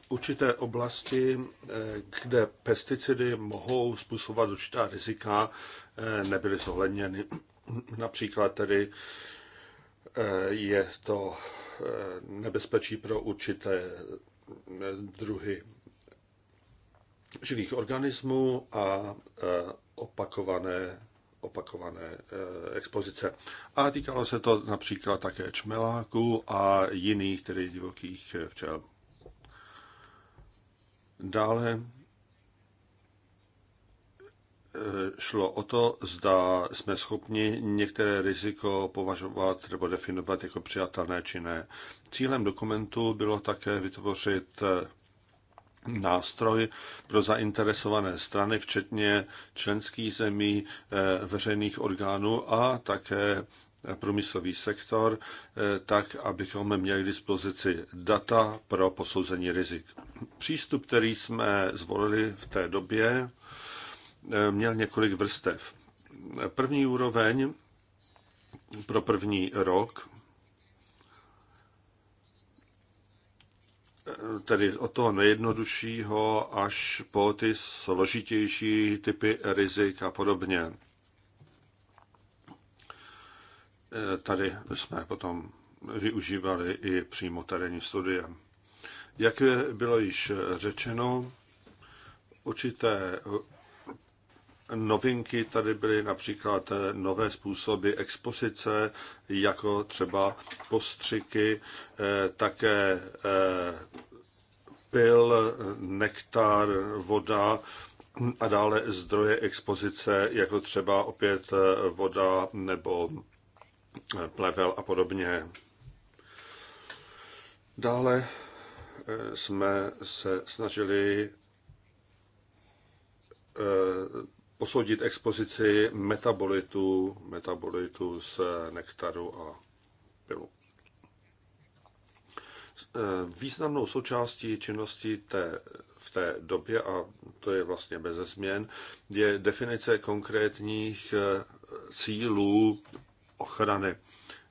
určité oblasti, eh, kde pesticidy mohou způsobovat určitá rizika, eh, nebyly zohledněny. Například tedy eh, je to nebezpečí pro určité druhy živých organismů a opakované opakované eh, expozice. A týkalo se to například také čmeláků a jiných, tedy divokých eh, včel. Dále eh, šlo o to, zda jsme schopni některé riziko považovat nebo definovat jako přijatelné či ne. Cílem dokumentu bylo také vytvořit nástroj pro zainteresované strany, včetně členských zemí, eh, veřejných orgánů a také průmyslový sektor, eh, tak abychom měli k dispozici data pro posouzení rizik. Přístup, který jsme zvolili v té době, eh, měl několik vrstev. První úroveň pro první rok tedy od toho nejjednoduššího až po ty složitější typy rizik a podobně. Tady jsme potom využívali i přímo terénní studie. Jak bylo již řečeno, určité Novinky tady byly například eh, nové způsoby expozice, jako třeba postřiky, eh, také eh, pil, nektar, voda a dále zdroje expozice, jako třeba opět voda nebo plevel a podobně. Dále jsme se snažili posoudit expozici metabolitu, metabolitu z nektaru a pilu. E, významnou součástí činnosti té, v té době, a to je vlastně bez změn, je definice konkrétních e, cílů ochrany.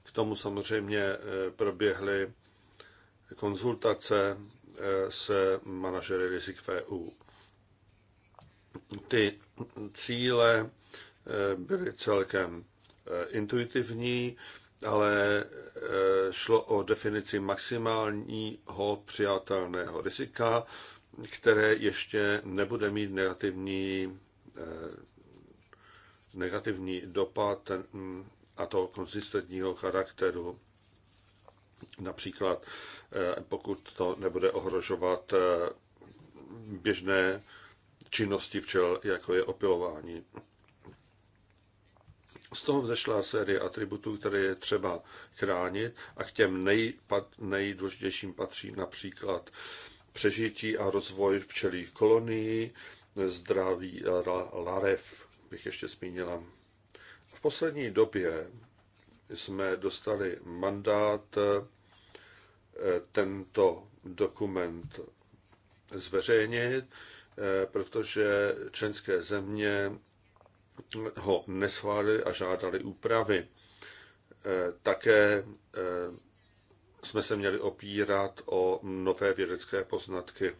K tomu samozřejmě e, proběhly konzultace se manažery rizik VU. EU ty cíle eh, byly celkem eh, intuitivní, ale eh, šlo o definici maximálního přijatelného rizika, které ještě nebude mít negativní, negativní dopad hm, a to konzistentního charakteru. Například pokud to nebude ohrožovat běžné činnosti včel, jako je opilování. Z toho vzešla série atributů, které je třeba chránit a k těm nejpad, nejdůležitějším patří například přežití a rozvoj včelých kolonií, zdraví larev, bych ještě zmínila. V poslední době jsme dostali mandát eh, tento dokument zveřejnit. Eh, protože členské země ho neschválili a žádali úpravy. Eh, také eh, jsme se měli opírat o nové vědecké poznatky,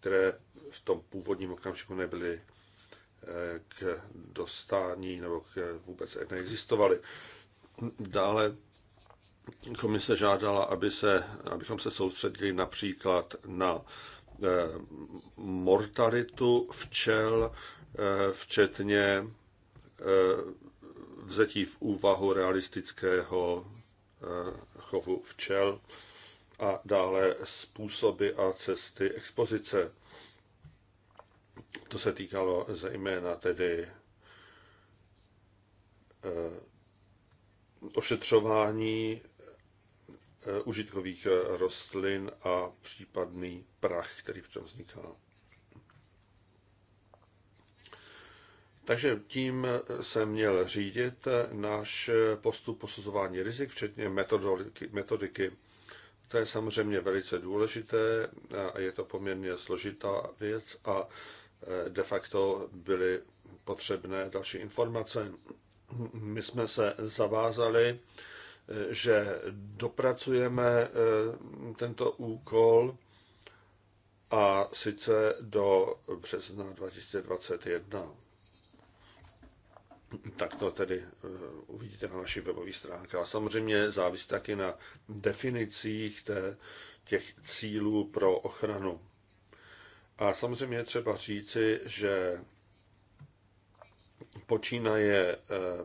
které v tom původním okamžiku nebyly k dostání nebo k vůbec neexistovaly. Dále komise žádala, aby se, abychom se soustředili například na Eh, mortalitu včel, eh, včetně eh, vzetí v úvahu realistického chovu včel a dále způsoby a cesty expozice. To se týkalo zejména tedy ošetřování Eh, užitkových eh, rostlin a případný prach, který v tom vzniká. Takže tím eh, se měl řídit náš postup posuzování rizik, včetně metodiky. metodiky. To je samozřejmě velice důležité a je to poměrně složitá věc a de facto byly potřebné další informace. My jsme se zavázali, že dopracujeme eh, tento úkol a sice do března 2021. Tak to tedy eh, uvidíte na našich webových stránkách. Samozřejmě závisí taky na definicích těch cílů pro ochranu. A samozřejmě třeba říci, že počínaje eh,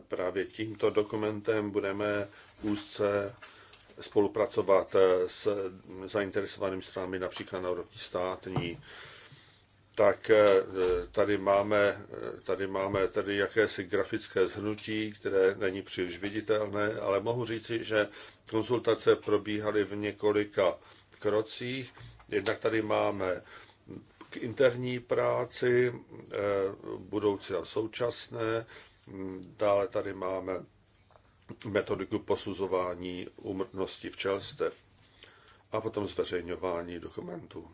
právě tímto dokumentem budeme úzce spolupracovat eh, s zainteresovanými stranami, například na úrovni státní. Tak eh, tady máme, tady máme tady jakési grafické zhrnutí, které není příliš viditelné, ale mohu říci, že konzultace probíhaly v několika krocích. Jednak tady máme k interní práci, eh, budoucí a současné. Mm, dále tady máme metodiku posuzování umrtnosti včelstev a potom zveřejňování dokumentů.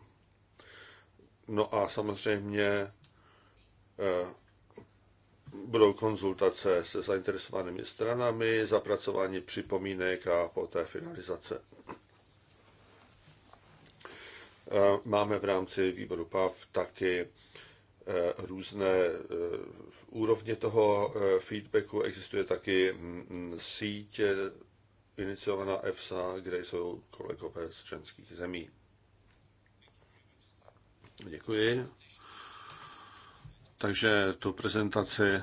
No a samozřejmě eh, budou konzultace se zainteresovanými stranami, zapracování připomínek a poté finalizace. Máme v rámci výboru PAV taky e, různé e, úrovně toho e, feedbacku. Existuje taky mm, mm, síť iniciovaná EFSA, kde jsou kolegové z členských zemí. Děkuji. Takže tu prezentaci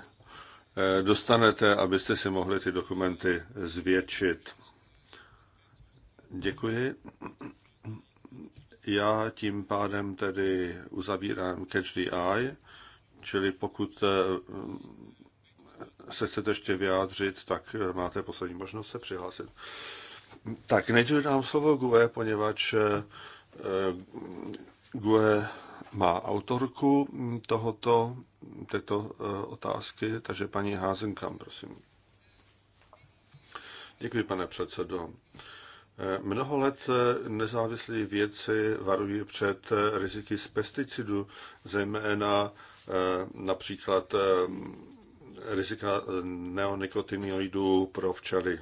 dostanete, abyste si mohli ty dokumenty zvětšit. Děkuji. Já tím pádem tedy uzavírám Catch the Eye, čili pokud eh, se chcete ještě vyjádřit, tak eh, máte poslední možnost se přihlásit. Tak nejdřív dám slovo Gue, poněvadž eh, Gue má autorku tohoto, této otázky, takže paní Házenkam, prosím. Děkuji, pane předsedo. Mnoho let nezávislí vědci varují před riziky z pesticidů, zejména eh, například eh, rizika neonikotinoidů pro včely.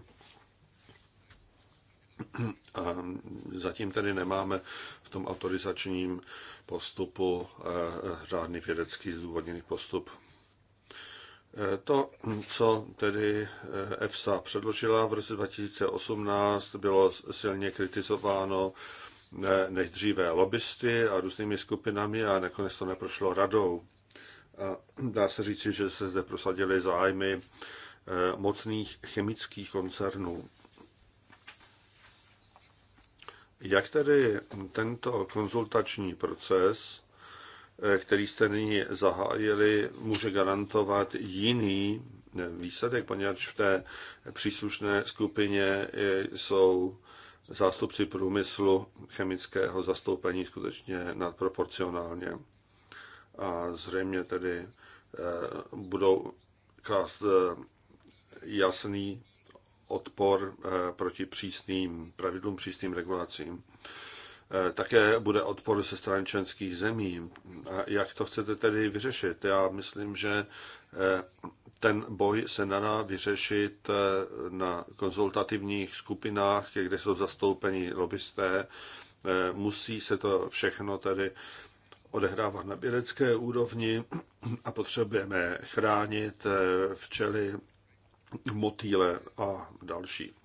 A zatím tedy nemáme v tom autorizačním postupu eh, řádný vědecký zdůvodněný postup. To, co tedy eh, EFSA předložila v roce 2018, bylo silně kritizováno nejdříve lobbysty a různými skupinami a nakonec to neprošlo radou. A dá se říci, že se zde prosadily zájmy eh, mocných chemických koncernů. Jak tedy tento konzultační proces který jste nyní zahájili, může garantovat jiný výsledek, poněvadž v té příslušné skupině jsou zástupci průmyslu chemického zastoupení skutečně nadproporcionálně. A zřejmě tedy eh, budou klást eh, jasný odpor eh, proti přísným pravidlům, přísným regulacím. Eh, také bude odpor se strany členských zemí. jak to chcete tedy vyřešit? Já myslím, že eh, ten boj se nadá vyřešit eh, na konzultativních skupinách, kde jsou zastoupeni lobbysté. Musí se to všechno tedy odehrávat na bělecké úrovni a potřebujeme chránit včely, motýle a další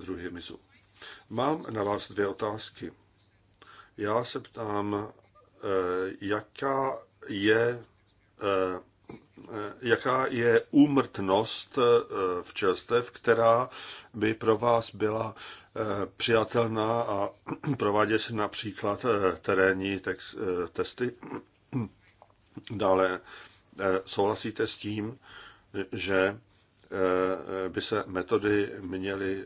druhy mizu. Mám na vás dvě otázky. Já se ptám, eh, jaká je, eh, eh, jaká je úmrtnost včelstev, která by pro vás byla přijatelná a provádě se například terénní testy. Dále souhlasíte s tím, že by se metody měly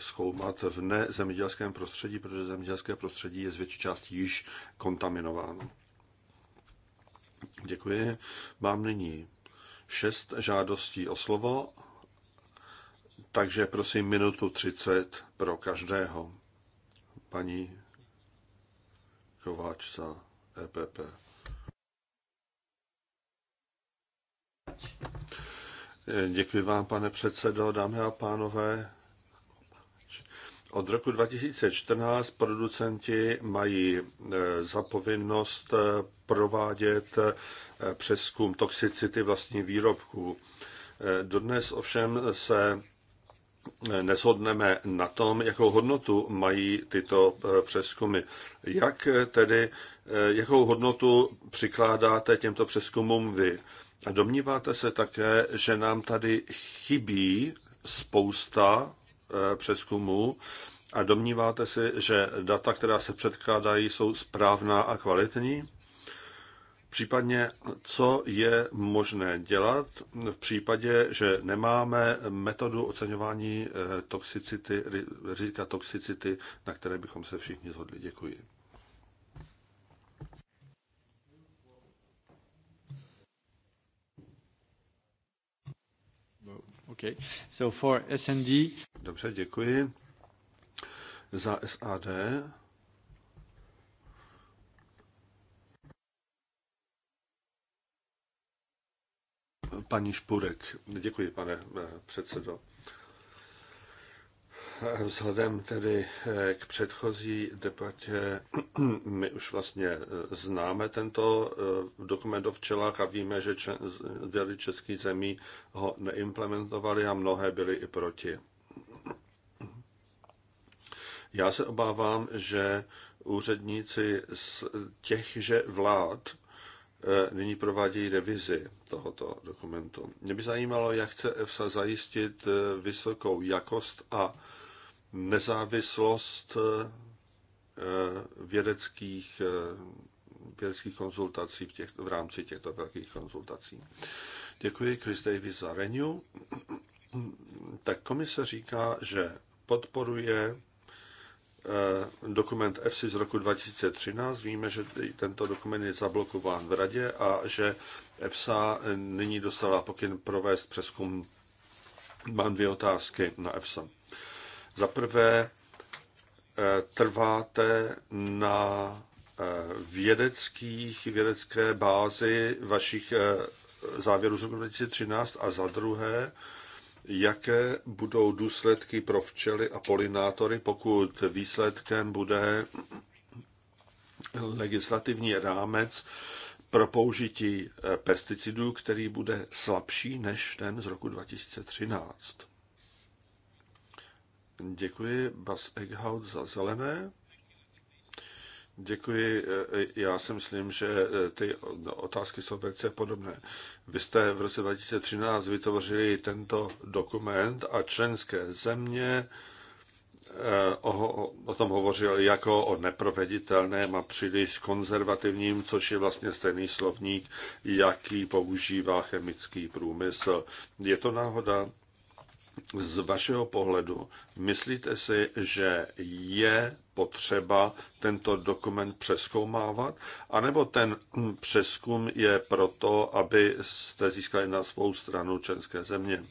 zkoumat v nezemědělském prostředí, protože zemědělské prostředí je z větší části již kontaminováno. Děkuji. Mám nyní šest žádostí o slovo, takže prosím minutu třicet pro každého. Paní Kováčca, EPP. Děkuji vám, pane předsedo, dámy a pánové. Od roku 2014 producenti mají e, zapovinnost e, provádět e, přeskum toxicity vlastní výrobků. Dodnes ovšem se neshodneme na tom, jakou hodnotu mají tyto přeskumy. Jak tedy, jakou hodnotu přikládáte těmto přeskumům vy? A domníváte se také, že nám tady chybí spousta Eh, přeskumu a domníváte si, že data, která se předkládají, jsou správná a kvalitní? Případně, co je možné dělat v případě, že nemáme metodu oceňování eh, toxicity, rizika toxicity, na které bychom se všichni zhodli? Děkuji. Okay. So for SND. Dobře, děkuji. Za SAD. Paní Špurek. Děkuji, pane eh, předsedo vzhledem tedy eh, k předchozí debatě, my už vlastně eh, známe tento eh, dokument o včelách a víme, že děli český zemí ho neimplementovali a mnohé byly i proti. Já se obávám, že úředníci z těchže vlád nyní provádějí revizi tohoto dokumentu. Mě by zajímalo, jak chce EFSA zajistit vysokou jakost a nezávislost eh, eh, vědeckých, eh, vědeckých konzultací v, těch, v rámci těchto velkých konzultací. Děkuji Chris Davis za Renew. Tak komise říká, že podporuje dokument EFSI z roku 2013. Víme, že tento dokument je zablokován v radě a že EFSA nyní dostala pokyn provést přeskum. Mám dvě otázky na EFSA. Za prvé, eh, trváte na eh, vědeckých, vědecké bázi vašich eh, závěrů z roku 2013 a za druhé, jaké budou důsledky pro včely a polinátory, pokud výsledkem bude legislativní rámec pro použití pesticidů, který bude slabší než ten z roku 2013. Děkuji Bas Eckhout za zelené. Děkuji. Eh, já si myslím, že eh, ty no, otázky jsou velice podobné. Vy jste v roce 2013 vytvořili tento dokument a členské země eh, o, o tom hovořil jako o neproveditelném a příliš konzervativním, což je vlastně stejný slovník, jaký používá chemický průmysl. Je to náhoda? z vašeho pohledu, myslíte si, že je potřeba tento dokument přeskoumávat, anebo ten přeskum je proto, aby jste získali na svou stranu české země?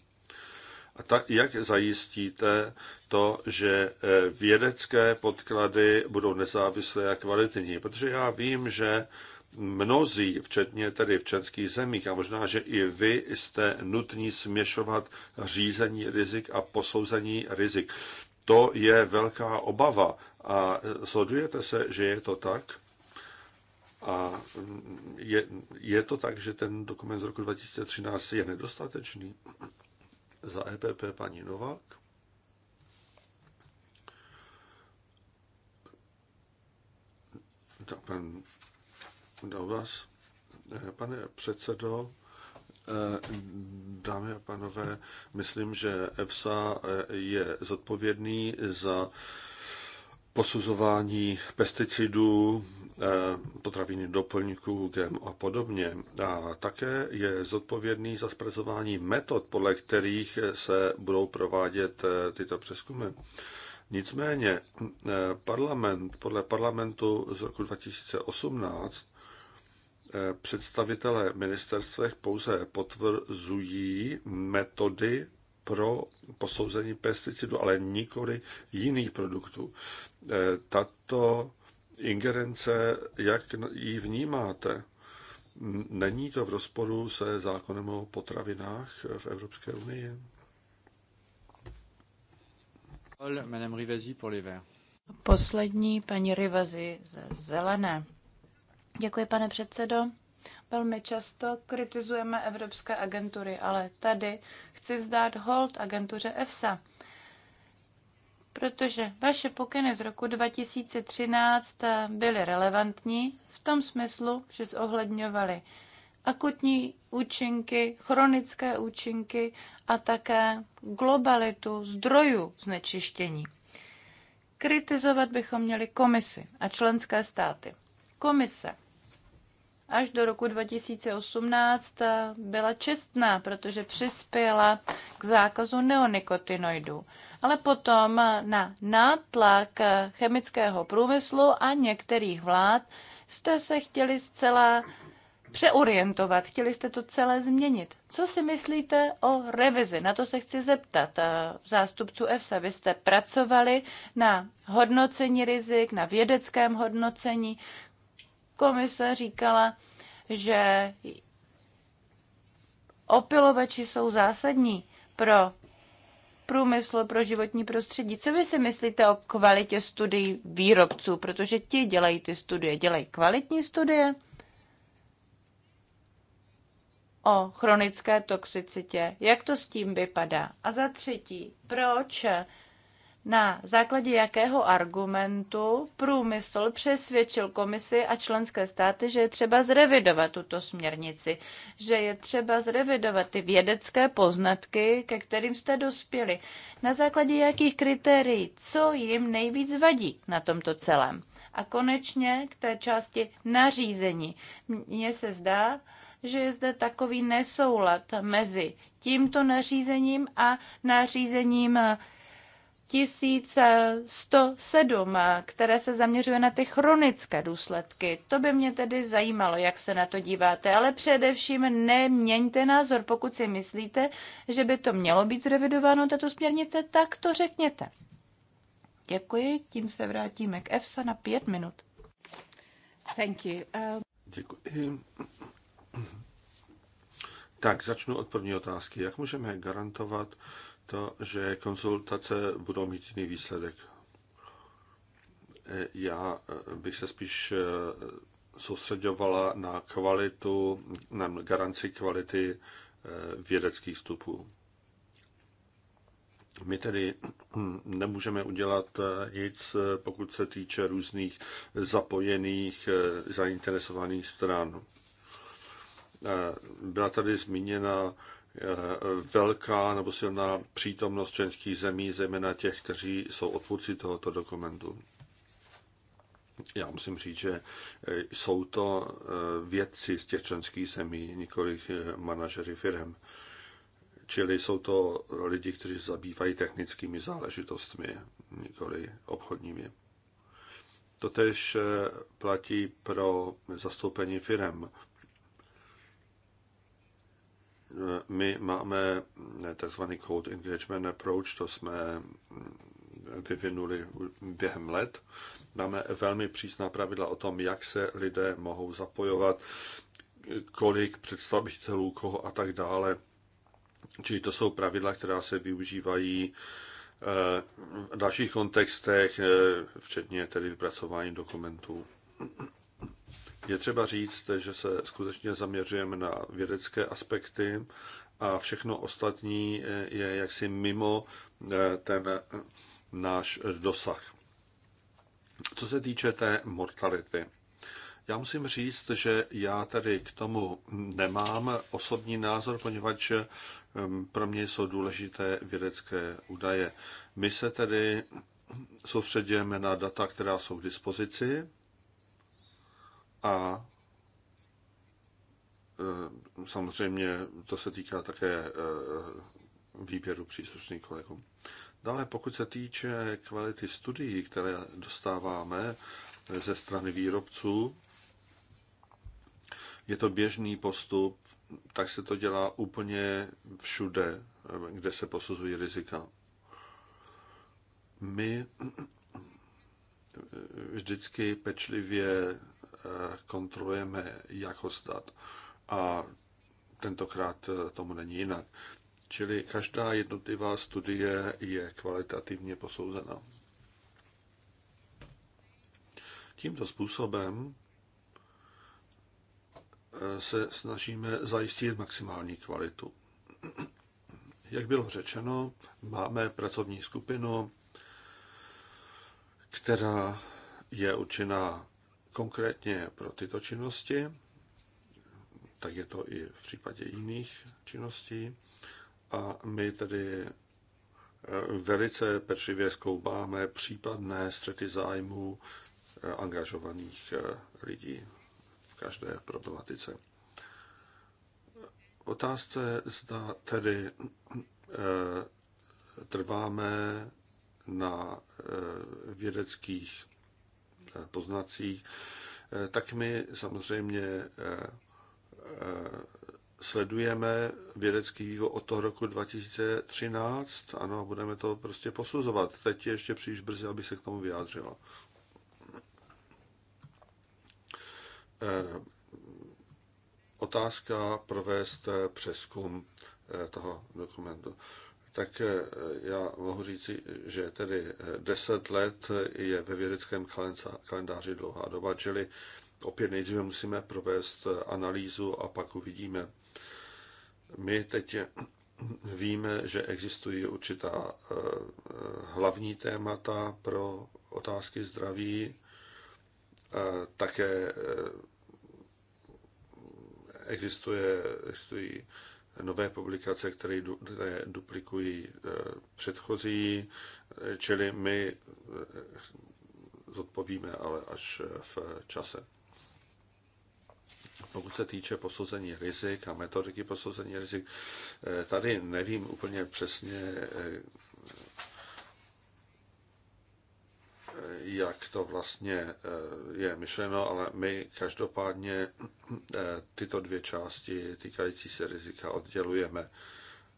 A tak jak zajistíte to, že eh, vědecké podklady budou nezávislé a kvalitní? Protože já vím, že mnozí, včetně tedy v českých zemích, a možná, že i vy jste nutní směšovat řízení rizik a posouzení rizik. To je velká obava a shodujete se, že je to tak? A je, je to tak, že ten dokument z roku 2013 je nedostatečný? Za EPP paní Novák. Tak pan do vás. Eh, pane předsedo, eh, Dámy a pánové, myslím, že EFSA eh, je zodpovědný za posuzování pesticidů, potraviny doplňků, gem a podobně. A také je zodpovědný za zpracování metod, podle kterých se budou provádět tyto přeskumy. Nicméně parlament, podle parlamentu z roku 2018 Eh, představitelé ministerstvech pouze potvrzují metody pro posouzení pesticidů, ale nikoli jiných produktů. Eh, tato ingerence, jak ji vnímáte, není to v rozporu se zákonem o potravinách v Evropské unii? Poslední paní Rivazi ze Zelené. Děkuji, pane předsedo. Velmi často kritizujeme evropské agentury, ale tady chci vzdát hold agentuře EFSA, protože vaše pokyny z roku 2013 byly relevantní v tom smyslu, že zohledňovaly akutní účinky, chronické účinky a také globalitu zdrojů znečištění. Kritizovat bychom měli komisi a členské státy. Komise až do roku 2018 byla čestná, protože přispěla k zákazu neonikotinoidů. Ale potom na nátlak chemického průmyslu a některých vlád jste se chtěli zcela přeorientovat, chtěli jste to celé změnit. Co si myslíte o revizi? Na to se chci zeptat eh, zástupců EFSA. Vy jste pracovali na hodnocení rizik, na vědeckém hodnocení. Komise říkala, že opilovači jsou zásadní pro průmysl, pro životní prostředí. Co vy si myslíte o kvalitě studií výrobců? Protože ti dělají ty studie. Dělají kvalitní studie o chronické toxicitě. Jak to s tím vypadá? A za třetí, proč na základě jakého argumentu průmysl přesvědčil komisi a členské státy, že je třeba zrevidovat tuto směrnici, že je třeba zrevidovat ty vědecké poznatky, ke kterým jste dospěli, na základě jakých kritérií, co jim nejvíc vadí na tomto celém. A konečně k té části nařízení. Mně se zdá, že je zde takový nesoulad mezi tímto nařízením a nařízením 1107, které se zaměřuje na ty chronické důsledky. To by mě tedy zajímalo, jak se na to díváte, ale především neměňte názor. Pokud si myslíte, že by to mělo být zrevidováno, tato směrnice, tak to řekněte. Děkuji, tím se vrátíme k EFSA na pět minut. Thank you. Um... Děkuji. Tak, začnu od první otázky. Jak můžeme garantovat, to, že konzultace budou mít jiný výsledek. Já bych se spíš eh, soustředovala na kvalitu, na garanci kvality eh, vědeckých vstupů. My tedy nemůžeme udělat eh, nic, pokud se týče různých zapojených, zainteresovaných stran. Byla tady zmíněna Eh, velká nebo silná přítomnost členských zemí, zejména těch, kteří jsou odpůrci tohoto dokumentu. Já musím říct, že eh, jsou to eh, vědci z těch členských zemí, nikoli manažeři firm. Čili jsou to lidi, kteří zabývají technickými záležitostmi, nikoli obchodními. Totež platí pro zastoupení firm my máme tzv. Code Engagement Approach, to jsme vyvinuli během let. Máme velmi přísná pravidla o tom, jak se lidé mohou zapojovat, kolik představitelů, koho a tak dále. Čili to jsou pravidla, která se využívají eh, v dalších kontextech, eh, včetně tedy vypracování dokumentů. Je třeba říct, že se skutečně zaměřujeme na vědecké aspekty a všechno ostatní eh, je jaksi mimo eh, ten eh, náš dosah. Co se týče té mortality, já musím říct, že já tady k tomu nemám osobní názor, poněvadž ehm, pro mě jsou důležité vědecké údaje. My se tedy soustředíme na data, která jsou k dispozici a e, samozřejmě to se týká také e, výběru příslušných kolegů. Dále, pokud se týče kvality studií, které dostáváme ze strany výrobců, je to běžný postup, tak se to dělá úplně všude, kde se posuzují rizika. My vždycky pečlivě Eh, kontrolujeme jakost dat. A tentokrát eh, tomu není jinak. Čili každá jednotlivá studie je kvalitativně posouzena. Tímto způsobem eh, se snažíme zajistit maximální kvalitu. Jak bylo řečeno, máme pracovní skupinu, která je určená konkrétně pro tyto činnosti, tak je to i v případě jiných činností. A my tedy eh, velice pečlivě zkoumáme případné střety zájmů eh, angažovaných eh, lidí v každé problematice. Otázce, zda tedy trváme na vědeckých Eh, poznacích, eh, tak my samozřejmě eh, sledujeme vědecký vývoj od toho roku 2013, ano, budeme to prostě posuzovat. Teď je ještě příliš brzy, aby se k tomu vyjádřila. Otázka provést přeskum toho dokumentu tak eh, já mohu říci, že tedy 10 eh, let je ve vědeckém kalendáři dlouhá doba, čili opět nejdříve musíme provést eh, analýzu a pak uvidíme. My teď víme, že existují určitá hlavní témata pro otázky zdraví, také existuje, existují nové publikace, které, du, které duplikují e, předchozí, e, čili my e, zodpovíme, ale až v čase. Pokud se týče posouzení rizik a metodiky posouzení rizik, tady nevím úplně přesně, jak to vlastně eh, je myšleno, ale my každopádně eh, tyto dvě části týkající se rizika oddělujeme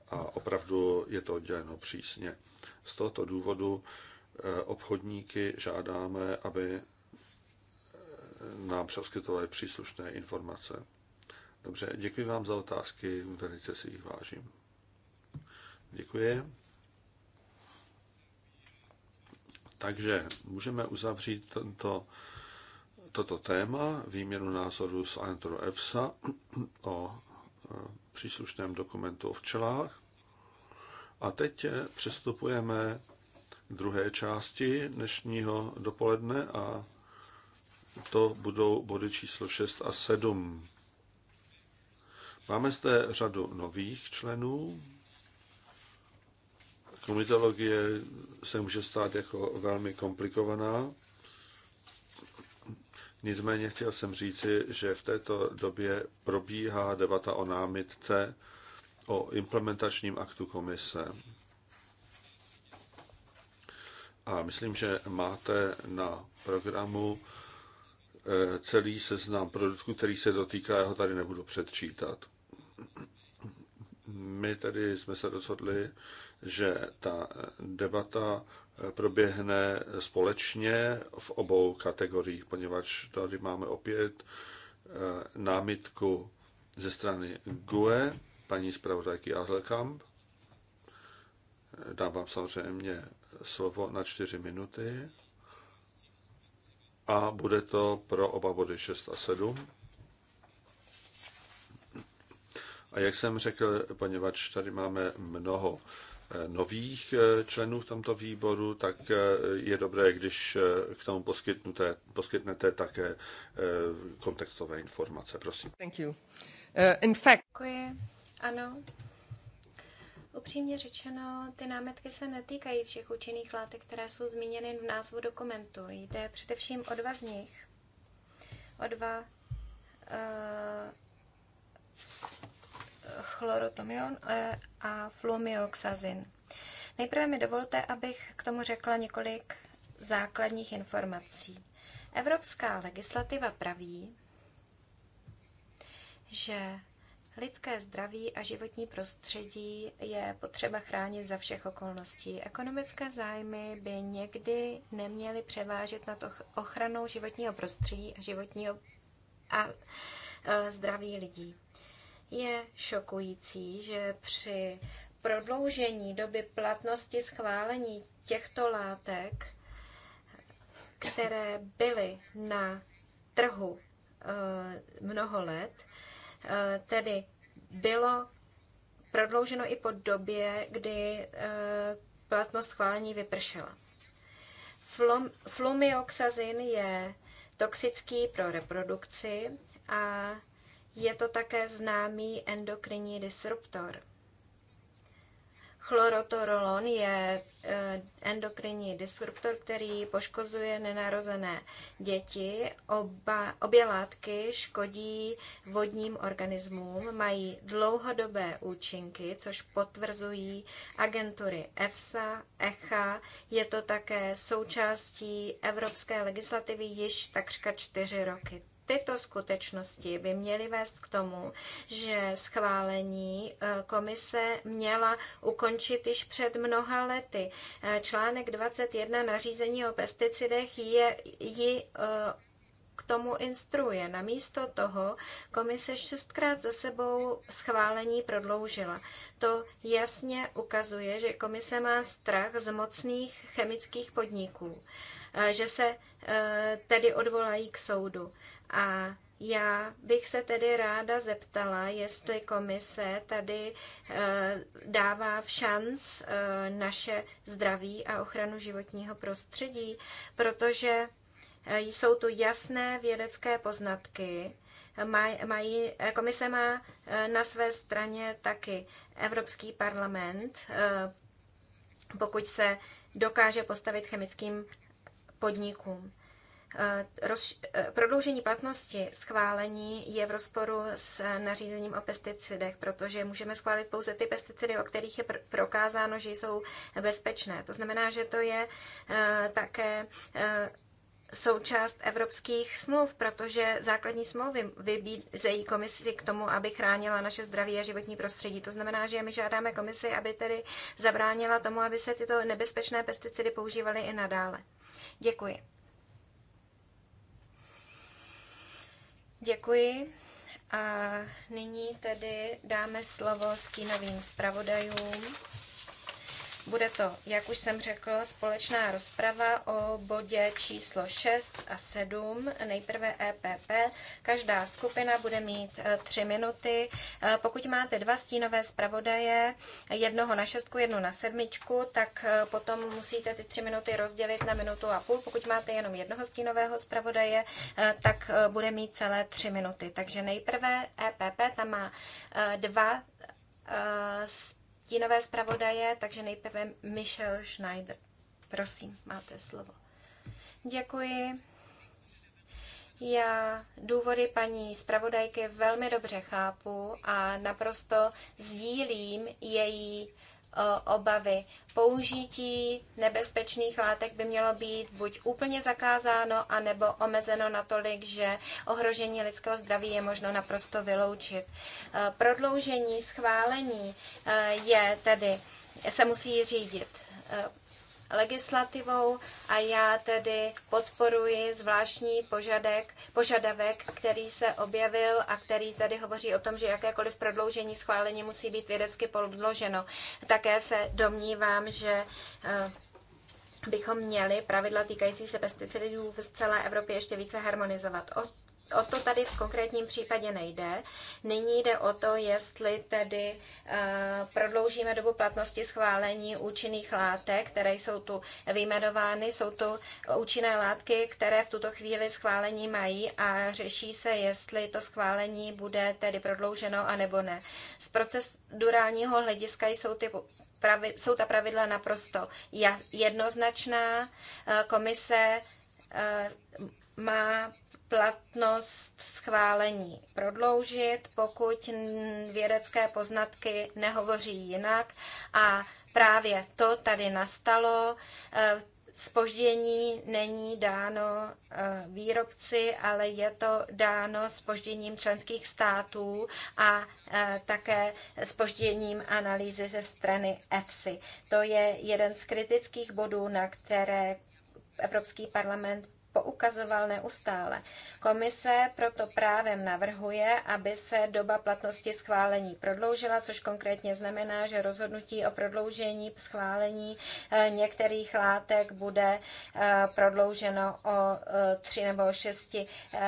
a opravdu je to odděleno přísně. Z tohoto důvodu eh, obchodníky žádáme, aby nám přeskytovali příslušné informace. Dobře, děkuji vám za otázky, velice si jich vážím. Děkuji. Takže můžeme uzavřít tento, toto téma, výměnu názoru s agenturou EFSA o e, příslušném dokumentu o včelách. A teď přistupujeme k druhé části dnešního dopoledne a to budou body číslo 6 a 7. Máme zde řadu nových členů, komitologie se může stát jako velmi komplikovaná. Nicméně chtěl jsem říci, že v této době probíhá debata o námitce o implementačním aktu komise. A myslím, že máte na programu eh, celý seznam produktů, který se dotýká, já ho tady nebudu předčítat. My tedy jsme se rozhodli, že ta debata proběhne společně v obou kategoriích, poněvadž tady máme opět eh, námitku ze strany GUE, paní zpravodajky Azelkamp. Dám vám samozřejmě slovo na čtyři minuty a bude to pro oba body 6 a 7. A jak jsem řekl, poněvadž tady máme mnoho Eh, nových eh, členů v tomto výboru, tak eh, je dobré, když k tomu poskytnete, poskytnete také kontextové informace. Prosím. Thank you. Uh, in fact... Děkuji. Ano. Upřímně řečeno, ty námetky se netýkají všech účinných látek, které jsou zmíněny v názvu dokumentu. Jde především o dva z nich. O dva uh, chlorotomion a flumioxazin. Nejprve mi dovolte, abych k tomu řekla několik základních informací. Evropská legislativa praví, že lidské zdraví a životní prostředí je potřeba chránit za všech okolností. Ekonomické zájmy by někdy neměly převážet nad ochranou životního prostředí a životního a e, zdraví lidí. Je šokující, že při prodloužení doby platnosti schválení těchto látek, které byly na trhu eh, mnoho let, eh, tedy bylo prodlouženo i po době, kdy eh, platnost schválení vypršela. Flum, flumioxazin je toxický pro reprodukci a je to také známý endokrinní disruptor. Chlorotorolon je Eh, endokrinní disruptor, který poškozuje nenarozené děti. Oba, obě látky škodí vodním organismům, mají dlouhodobé účinky, což potvrzují agentury EFSA, ECHA. Je to také součástí evropské legislativy již takřka čtyři roky tyto skutečnosti by měly vést k tomu, že schválení eh, komise měla ukončit již před mnoha lety. Eh, článek 21 nařízení o pesticidech je, ji eh, k tomu instruuje. Namísto toho komise šestkrát za sebou schválení prodloužila. To jasně ukazuje, že komise má strach z mocných chemických podniků, eh, že se tedy odvolají k soudu. A já bych se tedy ráda zeptala, jestli komise tady eh, dává v šanc eh, naše zdraví a ochranu životního prostředí, protože eh, jsou tu jasné vědecké poznatky, mají, komise má na své straně taky Evropský parlament, pokud se dokáže postavit chemickým podnikům. Eh, eh, prodloužení platnosti schválení je v rozporu s nařízením o pesticidech, protože můžeme schválit pouze ty pesticidy, o kterých je prokázáno, že jsou bezpečné. To znamená, že to je eh, také součást evropských smluv, protože základní smlouvy vybízejí komisi k tomu, aby chránila naše zdraví a životní prostředí. To znamená, že my žádáme komisi, aby tedy zabránila tomu, aby se tyto nebezpečné pesticidy používaly i nadále. Děkuji. Děkuji. A nyní tedy dáme slovo stínovým zpravodajům. Bude to, jak už jsem řekl, společná rozprava o bodě číslo 6 a 7, nejprve EPP. Každá skupina bude mít 3 eh, minuty. Eh, pokud máte dva stínové zpravodaje, jednoho na šestku, jednu na sedmičku, tak eh, potom musíte ty 3 minuty rozdělit na minutu a půl. Pokud máte jenom jednoho stínového zpravodaje, tak bude mít celé 3 minuty. Takže nejprve EPP, tam má dva stínové zpravodaje, takže nejprve Michel Schneider. Prosím, máte slovo. Děkuji. Já důvody paní zpravodajky velmi dobře chápu a naprosto sdílím její obavy. Použití nebezpečných látek by mělo být buď úplně zakázáno, anebo omezeno natolik, že ohrožení lidského zdraví je možno naprosto vyloučit. E, prodloužení schválení e, je tedy, se musí řídit e, legislativou a já tedy podporuji zvláštní požadek, požadavek, který se objevil a který tedy hovoří o tom, že jakékoliv prodloužení schválení musí být vědecky podloženo. Také se domnívám, že eh, bychom měli pravidla týkající se pesticidů v celé Evropě ještě více harmonizovat. O o to tady v konkrétním případě nejde. Nyní jde o to, jestli tedy eh, prodloužíme dobu platnosti schválení účinných látek, které jsou tu vyjmenovány. Jsou tu účinné látky, které v tuto chvíli schválení mají a řeší se, jestli to schválení bude tedy prodlouženo a nebo ne. Z procedurálního hlediska jsou ty pravi, jsou ta pravidla naprosto jednoznačná. Eh, komise eh, má platnost schválení prodloužit, pokud vědecké poznatky nehovoří jinak. A právě to tady nastalo. Spoždění e, není dáno e, výrobci, ale je to dáno spožděním členských států a e, také spožděním analýzy ze strany EFSI. To je jeden z kritických bodů, na které Evropský parlament poukazoval neustále. Komise proto právem navrhuje, aby se doba platnosti schválení prodloužila, což konkrétně znamená, že rozhodnutí o prodloužení schválení eh, některých látek bude eh, prodlouženo o eh, tři nebo šesti,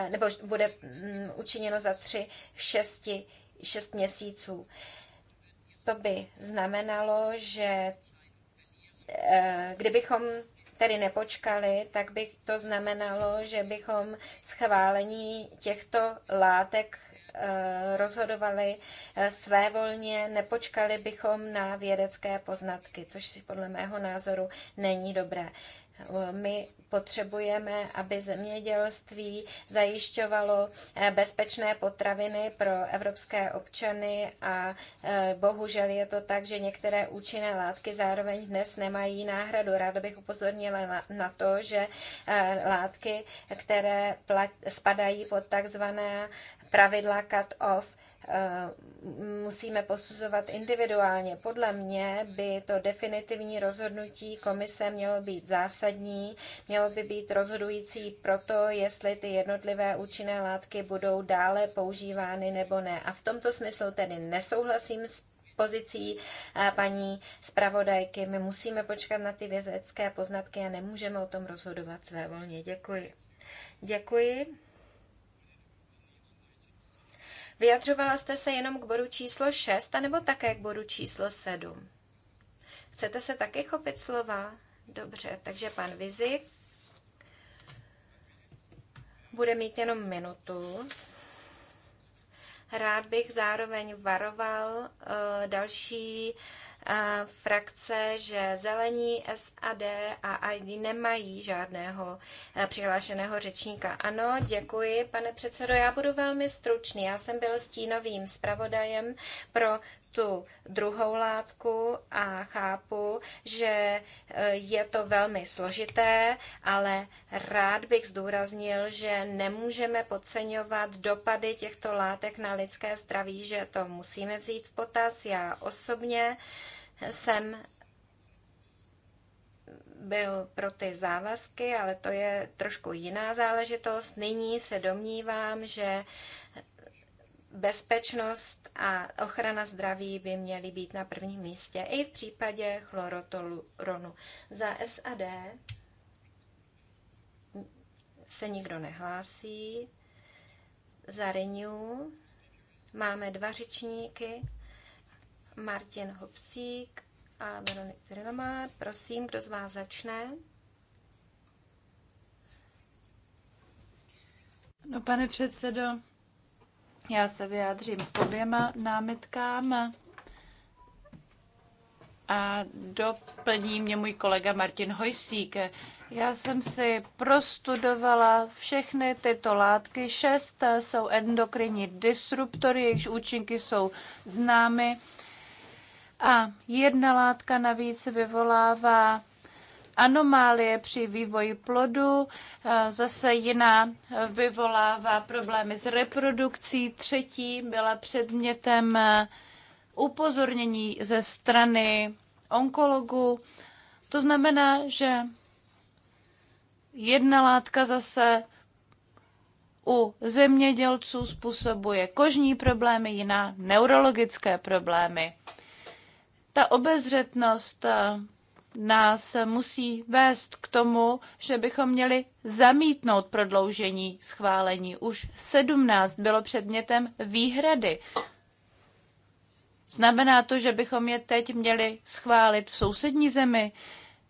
nebo bude mm, učiněno za tři, šesti, šest měsíců. To by znamenalo, že kdybychom tedy nepočkali, tak by to znamenalo, že bychom schválení těchto látek eh, rozhodovali eh, svévolně, nepočkali bychom na vědecké poznatky, což si podle mého názoru není dobré. My potřebujeme, aby zemědělství zajišťovalo eh, bezpečné potraviny pro evropské občany a eh, bohužel je to tak, že některé účinné látky zároveň dnes nemají náhradu. Ráda bych upozornila na to, že eh, látky, které spadají pod takzvané pravidla cut-off, Eh, musíme posuzovat individuálně. Podle mě by to definitivní rozhodnutí komise mělo být zásadní, mělo by být rozhodující pro to, jestli ty jednotlivé účinné látky budou dále používány nebo ne. A v tomto smyslu tedy nesouhlasím s pozicí eh, paní zpravodajky. My musíme počkat na ty vězecké poznatky a nemůžeme o tom rozhodovat své volně. Děkuji. Děkuji. Vyjadřovala jste se jenom k bodu číslo 6, anebo také k bodu číslo 7? Chcete se taky chopit slova? Dobře, takže pan Vizik bude mít jenom minutu. Rád bych zároveň varoval uh, další uh, frakce, že Zelení, SAD a ID nemají žádného eh, přihlášeného řečníka. Ano, děkuji, pane předsedo. Já budu velmi stručný. Já jsem byl stínovým zpravodajem pro tu druhou látku a chápu, že eh, je to velmi složité, ale rád bych zdůraznil, že nemůžeme podceňovat dopady těchto látek na lidské zdraví, že to musíme vzít v potaz. Já osobně jsem byl pro ty závazky, ale to je trošku jiná záležitost. Nyní se domnívám, že bezpečnost a ochrana zdraví by měly být na prvním místě i v případě chlorotoluronu. Za SAD se nikdo nehlásí. Za Renew máme dva řečníky. Martin Hopsík a Veronika Trilma. Prosím, kdo z vás začne? No, pane předsedo, já se vyjádřím k oběma námitkám a doplní mě můj kolega Martin Hojsík. Já jsem si prostudovala všechny tyto látky. Šest jsou endokrinní disruptory, jejichž účinky jsou známy a jedna látka navíc vyvolává anomálie při vývoji plodu, zase jiná vyvolává problémy s reprodukcí, třetí byla předmětem upozornění ze strany onkologu. To znamená, že jedna látka zase u zemědělců způsobuje kožní problémy, jiná neurologické problémy. Ta obezřetnost eh, nás musí vést k tomu, že bychom měli zamítnout prodloužení schválení. Už 17 bylo předmětem výhrady. Znamená to, že bychom je teď měli schválit v sousední zemi?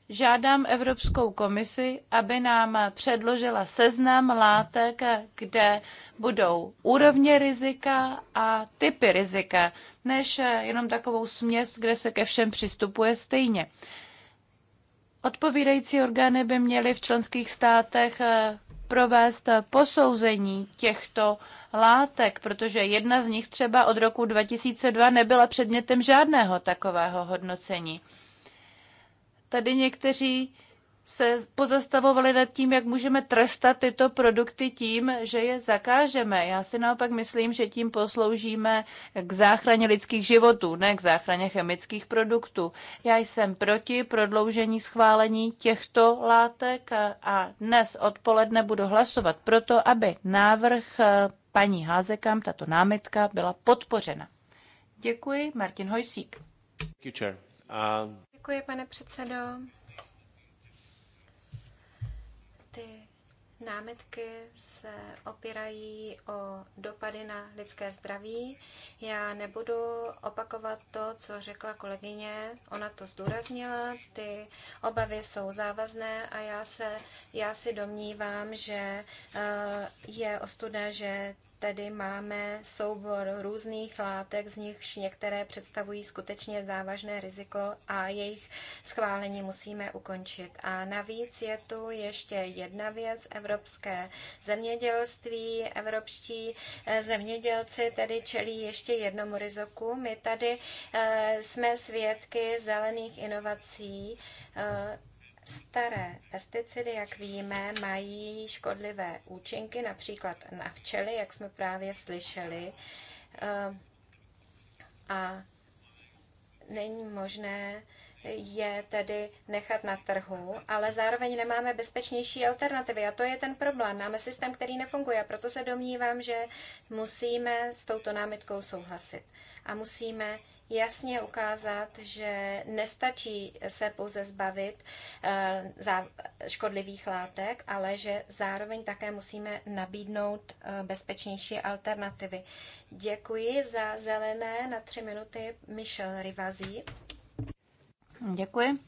Žádám Evropskou komisi, aby nám předložila seznam látek, kde budou úrovně rizika a typy rizika než eh, jenom takovou směs, kde se ke všem přistupuje stejně. Odpovídající orgány by měly v členských státech eh, provést eh, posouzení těchto látek, protože jedna z nich třeba od roku 2002 nebyla předmětem žádného takového hodnocení. Tady někteří se pozastavovali nad tím, jak můžeme trestat tyto produkty tím, že je zakážeme. Já si naopak myslím, že tím posloužíme k záchraně lidských životů, ne k záchraně chemických produktů. Já jsem proti prodloužení schválení těchto látek a dnes odpoledne budu hlasovat proto, aby návrh eh, paní Házekam, tato námitka, byla podpořena. Děkuji, Martin Hojsík. Um, Děkuji, pane předsedo. Námitky se opírají o dopady na lidské zdraví. Já nebudu opakovat to, co řekla kolegyně, ona to zdůraznila, ty obavy jsou závazné a já, se, já si domnívám, že eh, je ostuda, že tedy máme soubor různých látek, z nichž některé představují skutečně závažné riziko a jejich schválení musíme ukončit. A navíc je tu ještě jedna věc, evropské zemědělství. Evropští eh, zemědělci tedy čelí ještě jednomu riziku. My tady eh, jsme svědky zelených inovací, eh, Staré pesticidy, jak víme, mají škodlivé účinky, například na včely, jak jsme právě slyšeli. Eh, a není možné je tedy nechat na trhu, ale zároveň nemáme bezpečnější alternativy a to je ten problém. Máme systém, který nefunguje a proto se domnívám, že musíme s touto námitkou souhlasit a musíme jasně ukázat, že nestačí se pouze zbavit eh, škodlivých látek, ale že zároveň také musíme nabídnout eh, bezpečnější alternativy. Děkuji za zelené na tři minuty Michel Rivazí. Děkuji.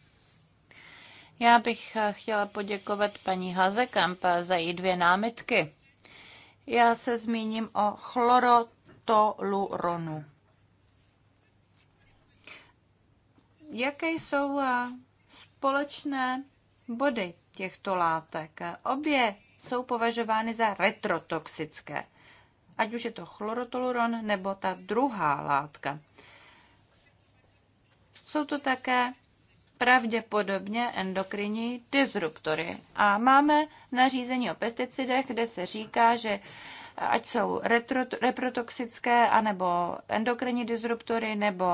Já bych eh, chtěla poděkovat paní Hazekamp za její dvě námitky. Já se zmíním o chlorotoluronu. jaké jsou eh, společné body těchto látek. Obě jsou považovány za retrotoxické, ať už je to chlorotoluron nebo ta druhá látka. Jsou to také pravděpodobně endokrinní disruptory. A máme nařízení o pesticidech, kde se říká, že ať jsou retro, reprotoxické, anebo endokrinní disruptory, nebo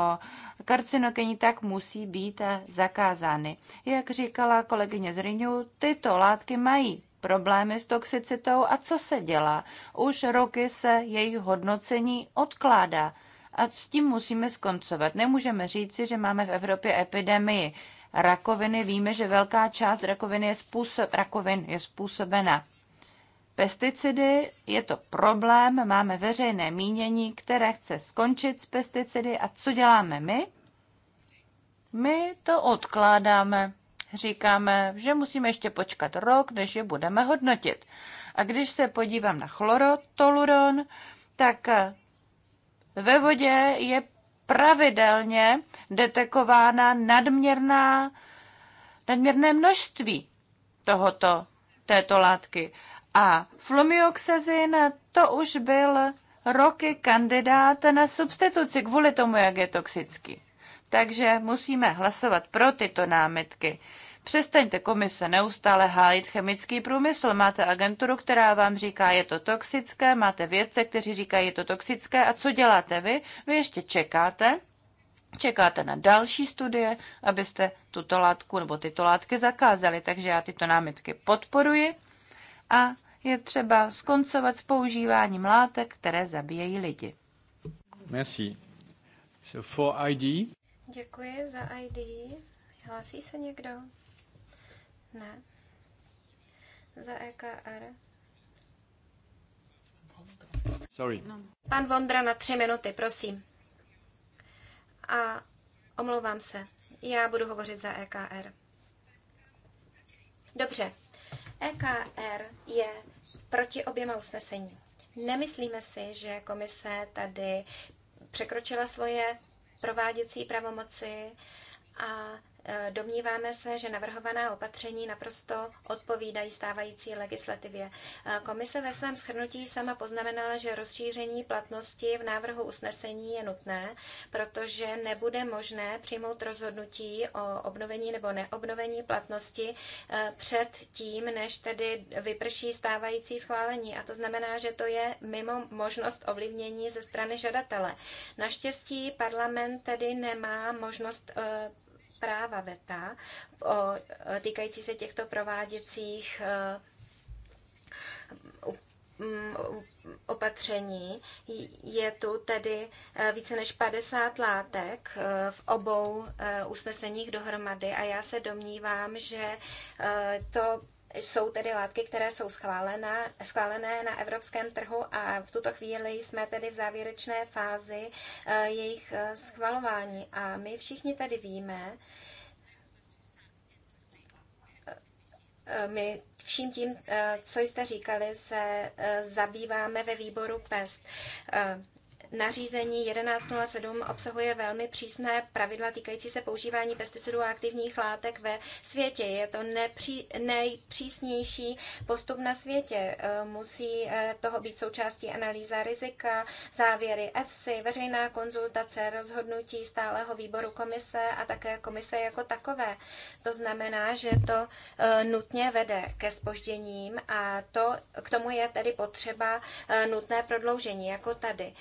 karcinogeny tak musí být zakázány. Jak říkala kolegyně z Rinu, tyto látky mají problémy s toxicitou a co se dělá? Už roky se jejich hodnocení odkládá a s tím musíme skoncovat. Nemůžeme říci, že máme v Evropě epidemii rakoviny. Víme, že velká část rakoviny je, způsob, rakovin je způsobena pesticidy, je to problém, máme veřejné mínění, které chce skončit s pesticidy a co děláme my? My to odkládáme. Říkáme, že musíme ještě počkat rok, než je budeme hodnotit. A když se podívám na chlorotoluron, tak eh, ve vodě je pravidelně detekována nadměrná, nadměrné množství tohoto, této látky. A flumioxazin to už byl roky kandidát na substituci kvůli tomu, jak je toxický. Takže musíme hlasovat pro tyto námitky. Přestaňte komise neustále hájit chemický průmysl. Máte agenturu, která vám říká, je to toxické, máte vědce, kteří říkají, je to toxické. A co děláte vy? Vy ještě čekáte. Čekáte na další studie, abyste tuto látku nebo tyto látky zakázali. Takže já tyto námitky podporuji a je třeba skoncovat s používáním látek, které zabíjejí lidi. Merci. So for ID. Děkuji za ID. Hlásí se někdo? Ne. Za EKR. Sorry. Pan Vondra na tři minuty, prosím. A omlouvám se, já budu hovořit za EKR. Dobře, EKR je proti oběma usnesení. Nemyslíme si, že komise tady překročila svoje prováděcí pravomoci a E, domníváme se, že navrhovaná opatření naprosto odpovídají stávající legislativě. E, komise ve svém shrnutí sama poznamenala, že rozšíření platnosti v návrhu usnesení je nutné, protože nebude možné přijmout rozhodnutí o obnovení nebo neobnovení platnosti e, před tím, než tedy vyprší stávající schválení. A to znamená, že to je mimo možnost ovlivnění ze strany žadatele. Naštěstí parlament tedy nemá možnost práva VETA o, e, týkající se těchto prováděcích e, opatření. Je tu tedy e, více než 50 látek v obou usneseních dohromady a já se domnívám, že to jsou tedy látky, které jsou schválené, schválené na evropském trhu a v tuto chvíli jsme tedy v závěrečné fázi eh, jejich eh, schvalování. A my všichni tedy víme, eh, my vším tím, co jste říkali, se zabýváme ve výboru PEST nařízení 1107 obsahuje velmi přísné pravidla týkající se používání pesticidů a aktivních látek ve světě. Je to nepří, nejpřísnější postup na světě. E, musí e, toho být součástí analýza rizika, závěry EFSI, veřejná konzultace, rozhodnutí stáleho výboru komise a také komise jako takové. To znamená, že to e, nutně vede ke spožděním a to, k tomu je tedy potřeba nutné prodloužení, jako tady.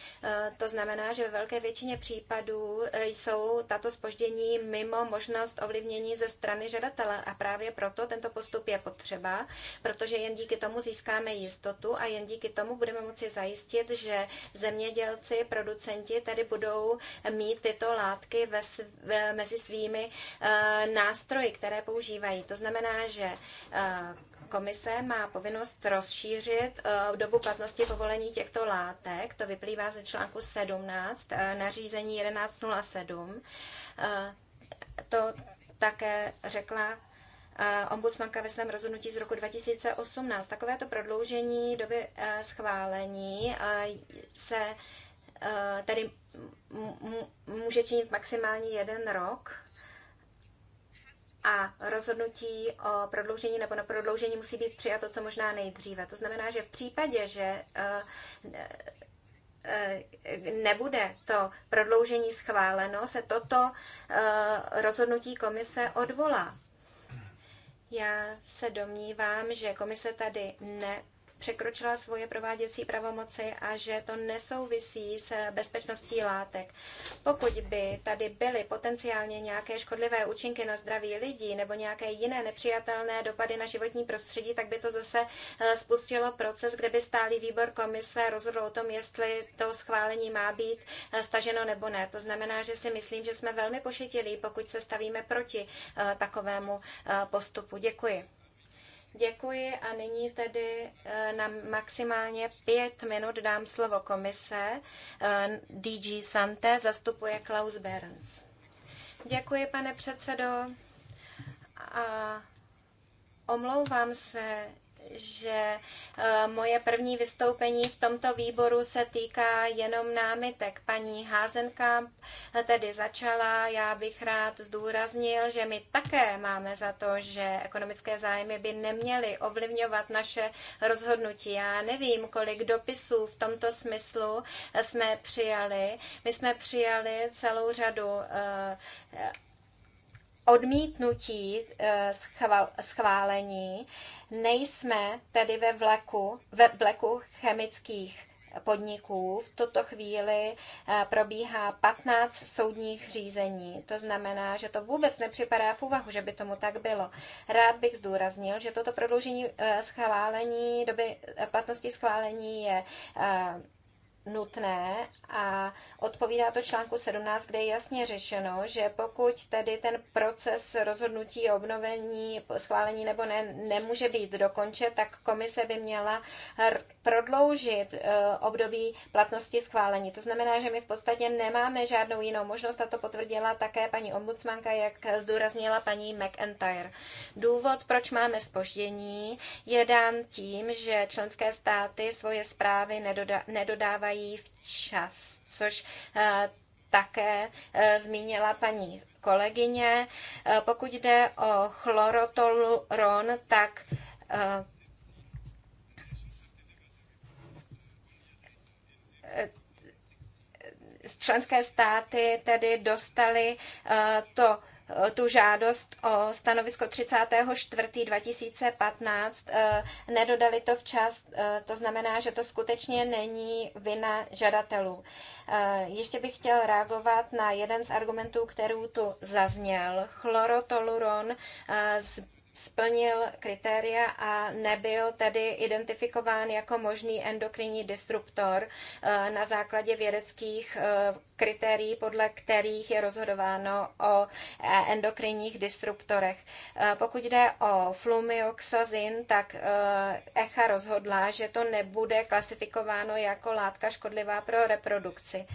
To znamená, že ve velké většině případů e, jsou tato spoždění mimo možnost ovlivnění ze strany žadatele a právě proto tento postup je potřeba, protože jen díky tomu získáme jistotu a jen díky tomu budeme moci zajistit, že zemědělci, producenti tady budou mít tyto látky ve, mezi svými e, nástroji, které používají. To znamená, že e, komise má povinnost rozšířit eh, dobu platnosti povolení těchto látek. To vyplývá ze článku 17 eh, nařízení 1107. Eh, to také řekla ombudsmanka ve svém rozhodnutí z roku 2018. Takovéto prodloužení doby schválení se tedy může činit maximálně jeden rok a rozhodnutí o prodloužení nebo na prodloužení musí být přijato co možná nejdříve. To znamená, že v případě, že eh, eh, nebude to prodloužení schváleno, se toto eh, rozhodnutí komise odvolá. Já se domnívám, že komise tady ne překročila svoje prováděcí pravomoci a že to nesouvisí s bezpečností látek. Pokud by tady byly potenciálně nějaké škodlivé účinky na zdraví lidí nebo nějaké jiné nepřijatelné dopady na životní prostředí, tak by to zase eh, spustilo proces, kde by stálý výbor komise rozhodl o tom, jestli to schválení má být eh, staženo nebo ne. To znamená, že si myslím, že jsme velmi pošetilí, pokud se stavíme proti eh, takovému postupu. Děkuji. Děkuji a nyní tedy eh, na maximálně pět minut dám slovo komise. Eh, DG Sante zastupuje Klaus Berns. Děkuji, pane předsedo. A omlouvám se, že eh, moje první vystoupení v tomto výboru se týká jenom námitek. Paní Házenkamp eh, tedy začala. Já bych rád zdůraznil, že my také máme za to, že ekonomické zájmy by neměly ovlivňovat naše rozhodnutí. Já nevím, kolik dopisů v tomto smyslu eh, jsme přijali. My jsme přijali celou řadu odmítnutí eh, schválení. Nejsme tedy ve, vleku, ve vleku chemických podniků. V tuto chvíli eh, probíhá 15 soudních řízení. To znamená, že to vůbec nepřipadá v úvahu, že by tomu tak bylo. Rád bych zdůraznil, že toto prodloužení eh, schválení, doby platnosti schválení je nutné a odpovídá to článku 17, kde je jasně řešeno, že pokud tedy ten proces rozhodnutí o obnovení, schválení nebo ne, nemůže být dokončen, tak komise by měla prodloužit eh, období platnosti schválení. To znamená, že my v podstatě nemáme žádnou jinou možnost a to potvrdila také paní ombudsmanka, jak zdůraznila paní McIntyre. Důvod, proč máme spoždění, je dán tím, že členské státy svoje zprávy nedodávají včas, což eh, také eh, zmínila paní kolegyně. Pokud jde o chlorotolron, tak členské státy tedy dostaly eh, to eh, tu žádost o stanovisko 34.2015. Eh, nedodali to včas, to znamená, že to skutečně není vina žadatelů. Ještě bych chtěl reagovat na jeden z argumentů, který tu zazněl. Chlorotoluron z splnil kritéria a nebyl tedy identifikován jako možný endokrinní disruptor eh, na základě vědeckých eh, kritérií, podle kterých je rozhodováno o eh, endokrinních disruptorech. Pokud jde o flumioxazin, tak ECHA rozhodla, že to nebude klasifikováno jako látka škodlivá pro reprodukci.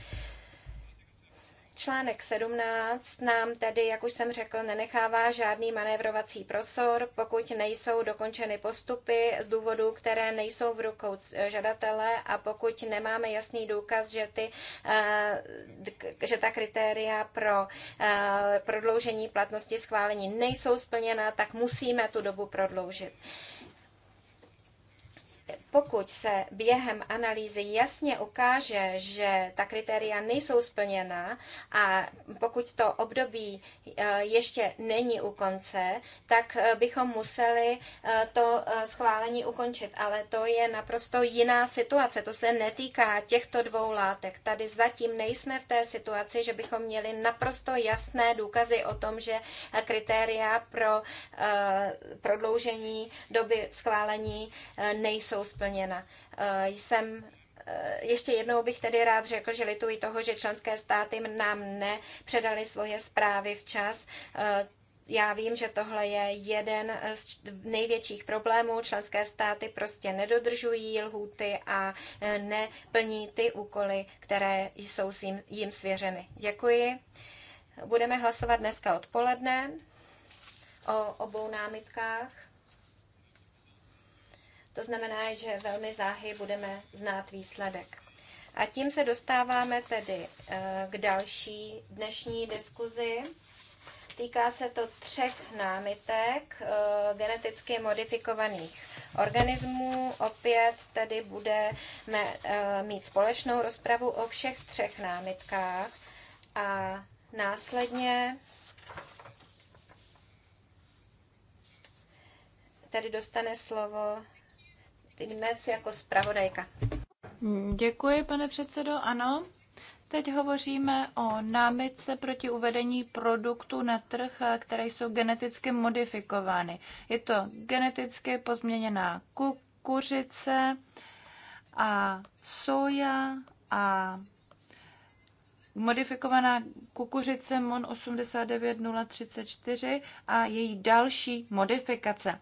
Článek 17 nám tedy, jak už jsem řekl, nenechává žádný manévrovací prostor, pokud nejsou dokončeny postupy z důvodů, které nejsou v rukou žadatele a pokud nemáme jasný důkaz, že, ty, eh, že ta kritéria pro eh, prodloužení platnosti schválení nejsou splněna, tak musíme tu dobu prodloužit. Pokud se během analýzy jasně ukáže, že ta kritéria nejsou splněna a pokud to období eh, ještě není u konce, tak eh, bychom museli eh, to schválení ukončit. Ale to je naprosto jiná situace. To se netýká těchto dvou látek. Tady zatím nejsme v té situaci, že bychom měli naprosto jasné důkazy o tom, že kritéria pro prodloužení doby schválení nejsou jsou splněna. Eh, jsem eh, ještě jednou bych tedy rád řekl, že lituji toho, že členské státy nám nepředali svoje zprávy včas. Eh, já vím, že tohle je jeden z největších problémů. Členské státy prostě nedodržují lhůty a neplní ty úkoly, které jsou jim svěřeny. Děkuji. Budeme hlasovat dneska odpoledne o obou námitkách. To znamená, že velmi záhy budeme znát výsledek. A tím se dostáváme tedy eh, k další dnešní diskuzi. Týká se to třech námitek eh, geneticky modifikovaných organismů. Opět tedy budeme eh, mít společnou rozpravu o všech třech námitkách a následně tedy dostane slovo Ignec jako zpravodajka. Děkuji, pane předsedo. Ano, Teď hovoříme o námitce proti uvedení produktů na trh, které jsou geneticky modifikovány. Je to geneticky pozměněná kukuřice a soja a modifikovaná kukuřice MON 89034 a její další modifikace.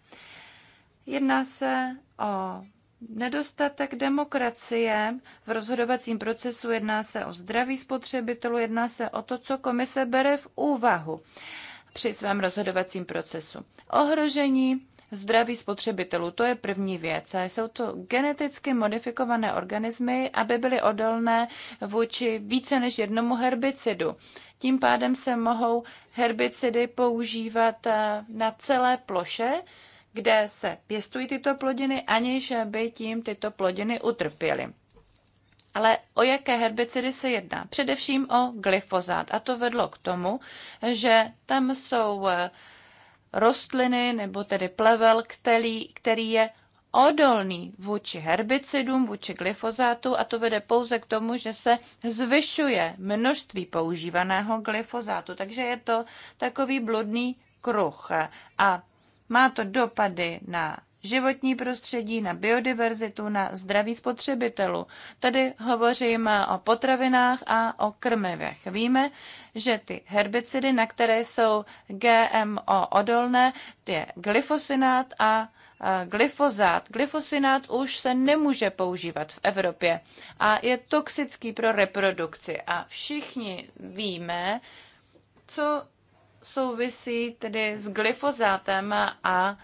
Jedná se o nedostatek demokracie v rozhodovacím procesu, jedná se o zdraví spotřebitelů, jedná se o to, co komise bere v úvahu při svém rozhodovacím procesu. Ohrožení zdraví spotřebitelů, to je první věc. A jsou to geneticky modifikované organismy, aby byly odolné vůči více než jednomu herbicidu. Tím pádem se mohou herbicidy používat eh, na celé ploše kde se pěstují tyto plodiny, aniž by tím tyto plodiny utrpěly. Ale o jaké herbicidy se jedná? Především o glyfozát. A to vedlo k tomu, že tam jsou eh, rostliny nebo tedy plevel, který, který je odolný vůči herbicidům, vůči glyfozátu a to vede pouze k tomu, že se zvyšuje množství používaného glyfozátu. Takže je to takový bludný kruh. A má to dopady na životní prostředí, na biodiverzitu, na zdraví spotřebitelů. Tady hovořím o potravinách a o krmivech. Víme, že ty herbicidy, na které jsou GMO odolné, to je glyfosinát a glyfozát. Glyfosinát už se nemůže používat v Evropě a je toxický pro reprodukci. A všichni víme, co souvisí tedy s glyfozátem a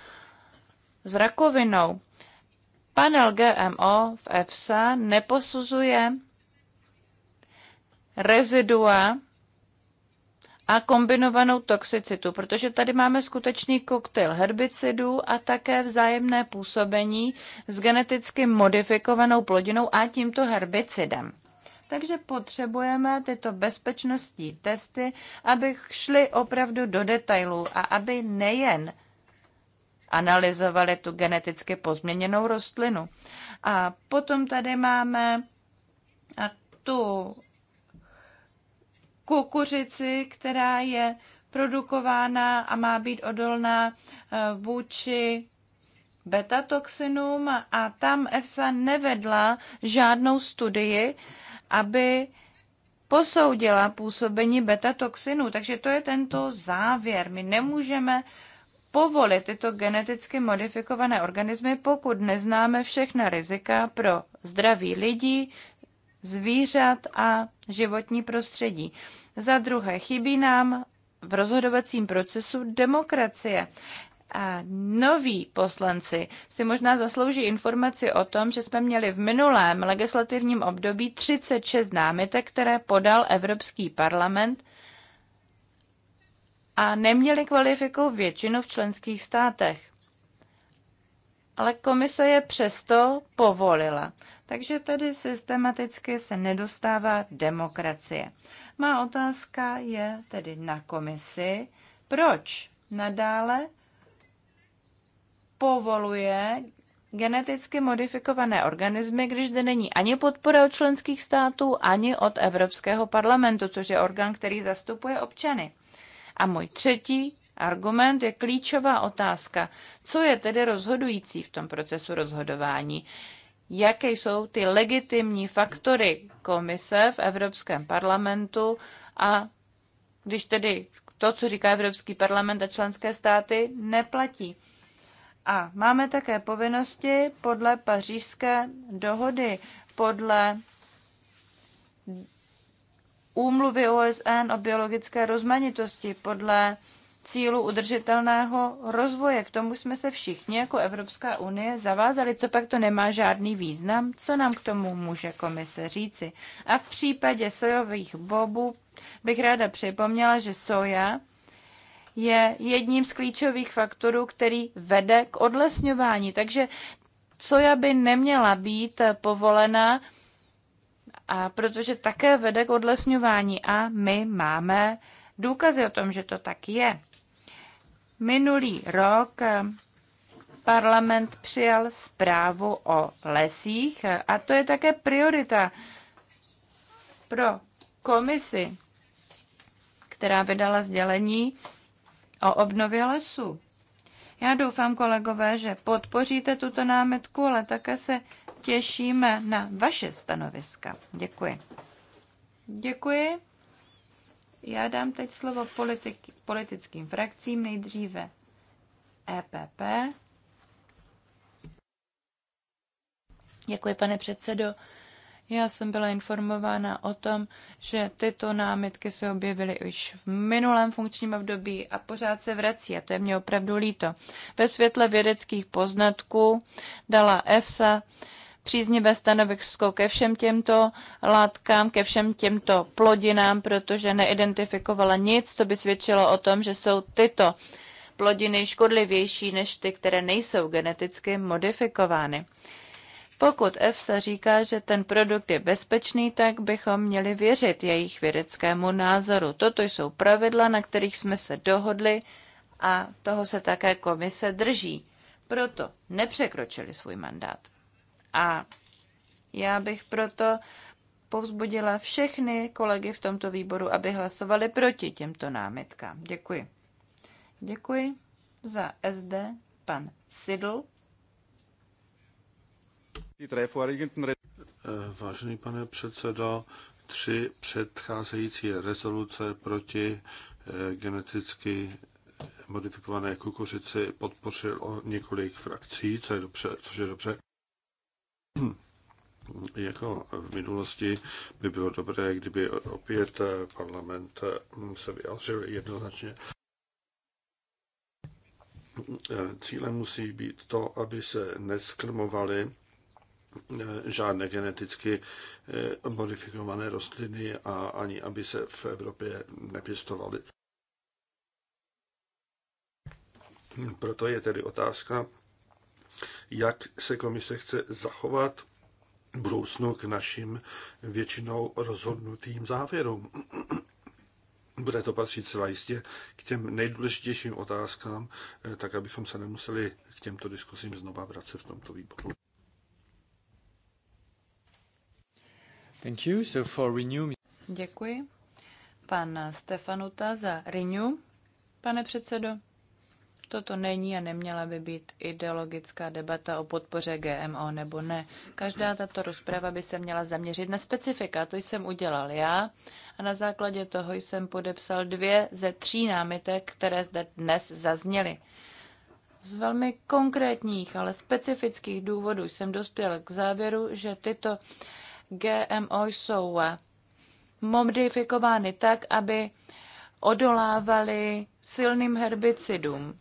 s rakovinou. Panel GMO v EFSA neposuzuje rezidua a kombinovanou toxicitu, protože tady máme skutečný koktejl herbicidů a také vzájemné působení s geneticky modifikovanou plodinou a tímto herbicidem. Takže potřebujeme tyto bezpečnostní testy, aby šly opravdu do detailů a aby nejen analyzovali tu geneticky pozměněnou rostlinu. A potom tady máme tu kukuřici, která je produkována a má být odolná eh, vůči betatoxinům a tam EFSA nevedla žádnou studii, aby posoudila působení beta-toxinů. Takže to je tento závěr. My nemůžeme povolit tyto geneticky modifikované organismy, pokud neznáme všechna rizika pro zdraví lidí, zvířat a životní prostředí. Za druhé, chybí nám v rozhodovacím procesu demokracie. A noví poslanci si možná zaslouží informaci o tom, že jsme měli v minulém legislativním období 36 námitek, které podal Evropský parlament a neměli kvalifikou většinu v členských státech. Ale komise je přesto povolila. Takže tady systematicky se nedostává demokracie. Má otázka je tedy na komisi, proč nadále povoluje geneticky modifikované organismy, když zde není ani podpora od členských států, ani od Evropského parlamentu, což je orgán, který zastupuje občany. A můj třetí argument je klíčová otázka. Co je tedy rozhodující v tom procesu rozhodování? Jaké jsou ty legitimní faktory komise v Evropském parlamentu a když tedy to, co říká Evropský parlament a členské státy, neplatí? A máme také povinnosti podle pařížské dohody, podle úmluvy OSN o biologické rozmanitosti, podle cílu udržitelného rozvoje. K tomu jsme se všichni jako Evropská unie zavázali. Co pak to nemá žádný význam? Co nám k tomu může komise říci? A v případě sojových bobů bych ráda připomněla, že soja je jedním z klíčových faktorů, který vede k odlesňování. Takže soja by neměla být povolena, a protože také vede k odlesňování a my máme důkazy o tom, že to tak je. Minulý rok parlament přijal zprávu o lesích a to je také priorita pro komisi, která vydala sdělení o obnově lesů. Já doufám, kolegové, že podpoříte tuto námitku, ale také se těšíme na vaše stanoviska. Děkuji. Děkuji. Já dám teď slovo politik, politickým frakcím, nejdříve EPP. Děkuji, pane předsedo. Já jsem byla informována o tom, že tyto námitky se objevily už v minulém funkčním období a pořád se vrací a to je mě opravdu líto. Ve světle vědeckých poznatků dala EFSA příznivé stanovisko ke všem těmto látkám, ke všem těmto plodinám, protože neidentifikovala nic, co by svědčilo o tom, že jsou tyto plodiny škodlivější než ty, které nejsou geneticky modifikovány. Pokud EFSA říká, že ten produkt je bezpečný, tak bychom měli věřit jejich vědeckému názoru. Toto jsou pravidla, na kterých jsme se dohodli a toho se také komise drží. Proto nepřekročili svůj mandát. A já bych proto povzbudila všechny kolegy v tomto výboru, aby hlasovali proti těmto námitkám. Děkuji. Děkuji za SD pan Sidl. Eh, vážený pane předsedo, tři předcházející rezoluce proti eh, geneticky modifikované kukuřici o několik frakcí, co je dobře, což je dobře. Jako v minulosti by bylo dobré, kdyby opět eh, parlament se vyjádřil jednoznačně. Cílem musí být to, aby se neskrmovali žádné geneticky eh, modifikované rostliny a ani aby se v Evropě nepěstovaly. Proto je tedy otázka, jak se komise chce zachovat v budoucnu k našim většinou rozhodnutým závěrům. Bude to patřit celá jistě k těm nejdůležitějším otázkám, eh, tak abychom se nemuseli k těmto diskusím znova vracet v tomto výboru. Thank you. So for Renew... Děkuji. Pan Stefanuta za Renew. Pane předsedo, toto není a neměla by být ideologická debata o podpoře GMO nebo ne. Každá tato rozprava by se měla zaměřit na specifika, to jsem udělal já a na základě toho jsem podepsal dvě ze tří námitek, které zde dnes zazněly. Z velmi konkrétních, ale specifických důvodů jsem dospěl k závěru, že tyto GMO jsou eh, modifikovány tak, aby odolávaly silným herbicidům.